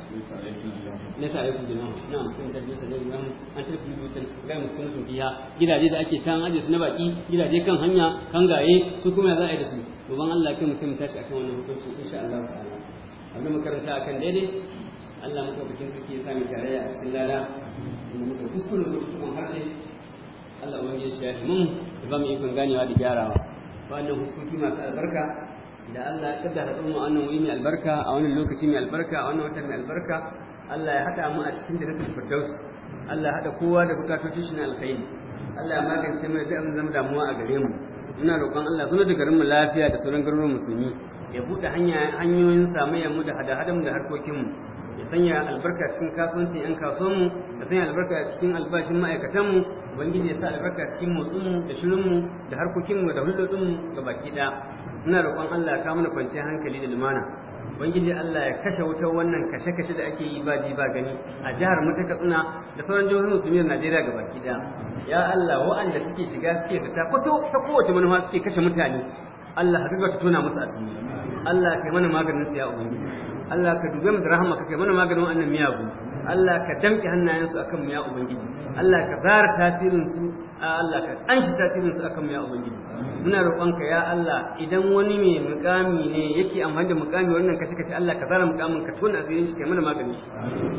na sai ku jama'a na mutum da jinsa da imam an tarfi lutan ga mu musulmin biya gidaje da ake can aje su na baki gidaje kan hanya kan gaye su kuma za a yi da su goban Allah kai mutum tashi a akan wannan hukunci insha Allah ta'ala abin makaranta akan daidai Allah muka bikin sarki ya sami tarayya a cikin lada inda muka kuskure da cikin harshe Allah wani ya shafi mun da ba mu ikon ganewa da gyarawa wannan hukunci masu albarka da Allah ya kaddara tsumu a wannan wuri mai albarka a wannan lokaci mai albarka a wannan watan mai albarka Allah ya haɗa mu a cikin da jannatul firdaus Allah ya haɗa kowa da bukatocin shi na alkhairi Allah ya magance mana duk abin zama damuwa a gare mu muna roƙon Allah suna da garinmu lafiya da sauran garuruwan musulmi ya buɗe hanyoyin samayyar mu da hada-hadar da harkokinmu, ya sanya albarka cikin kasuwancin yan kasuwanmu mu ya sanya albarka cikin albashin ma'aikatanmu, mu ubangiji ya sa albarka cikin motsinmu da shirinmu da harkokinmu da hulɗoɗinmu ga baki ɗaya muna roƙon Allah ya mana kwanciyar hankali da lumana ubangiji Allah ya kashe wutar wannan kashe-kashe da ake yi ba ji ba gani a jihar mu ta Katsina da sauran jihohin musulmiyar Najeriya ga baki ɗaya ya Allah wa'anda suke shiga suke fita kwato ta kowace manufa suke kashe mutane Allah haɗu ka tona musu asiri Allah kai mana maganin su ya ubangiji Allah ka dube mu da rahama ka kai mana maganin wannan miyagu Allah ka danke hannayensu akan mu ya ubangiji Allah ka zara tasirinsu a Allah ka anshi tasirinsu su akan mu ya ubangiji muna roƙonka ya Allah idan wani mai mukami ne yake amfani da mukami wannan kashe kashe Allah ka zara mukamin ka tona asirin shi kai mana magani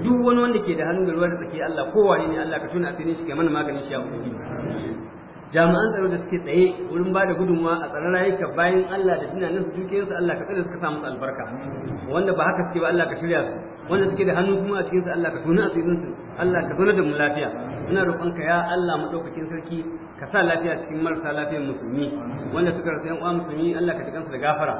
duk wani wanda ke da hannu da ruwa da tsaki Allah kowane ne Allah ka tona asirin shi kai mana magani shi ya ubangiji jami'an tsaro da suke tsaye wurin ba da gudunmawa a tsaron rayuka bayan Allah da tunanin su dukiyarsu Allah ka tsare suka samu albarka wanda ba haka suke ba Allah ka shirya su wanda suke da hannu kuma a cikinsu, Allah ka tona asirin Allah ka zauna da mu lafiya ina roƙonka ya Allah madaukakin sarki ka sa lafiya cikin marasa lafiyar musulmi wanda suka rasu uwa musulmi Allah ka cikansu da gafara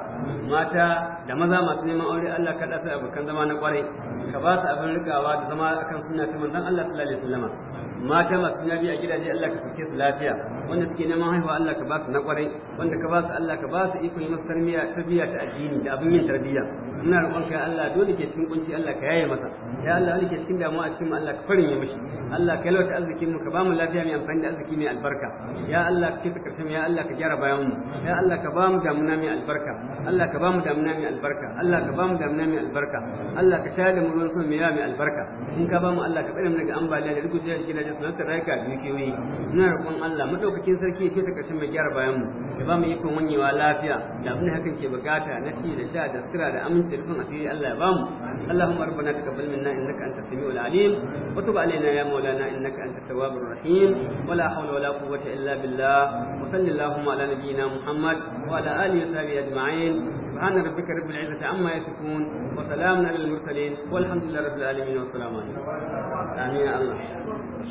mata da maza masu neman aure Allah ka dasa abokan zama na ƙwarai, ka ba su abin rikawa da zama akan sunna ta manzon Allah sallallahu alaihi mata masu nabi a gidaje Allah ka suke su lafiya wanda suke neman haihuwa Allah ka ba su na kwarai wanda ka ba su Allah ka ba su ikon yi masu tarbiyya ta addini da abin yin tarbiyya ina roƙonka ya Allah dole ke cikin kunci Allah ka yaye masa ya Allah wani ke cikin damuwa a cikin mu Allah ka farin ya mishi Allah ka yalwata arzikin mu ka ba mu lafiya mai amfani da arziki mai albarka ya Allah ka kita karshen ya Allah ka gyara bayan mu ya Allah ka ba mu damuna mai albarka Allah ka ba mu damuna mai albarka Allah ka ba mu damuna mai albarka Allah ka shayar da mu ruwan sama mai yawa mai albarka in ka ba mu Allah ka tsare mu daga ambaliya da rubuta shi gidajen sunan ka rayuka biyu kewaye ina roƙon Allah madaukakin sarki ya kita karshen mai gyara bayan mu ya ba mu ikon wanyewa lafiya da abin hakan ke bukata na ci da sha da sira da aminci da rufin asiri Allah ya bamu Allahumma rabbana taqabbal minna innaka antas samiul alim wa tub alaina ya maulana innaka antat tawwabur rahim wa la hawla wa la quwwata illa billah wa sallallahu ala nabiyyina Muhammad wa ala alihi wa sahbihi ajma'in سبحان ربك رب العزة عما يصفون وسلام على المرسلين والحمد لله رب العالمين والسلام عليكم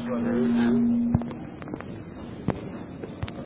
آمين الله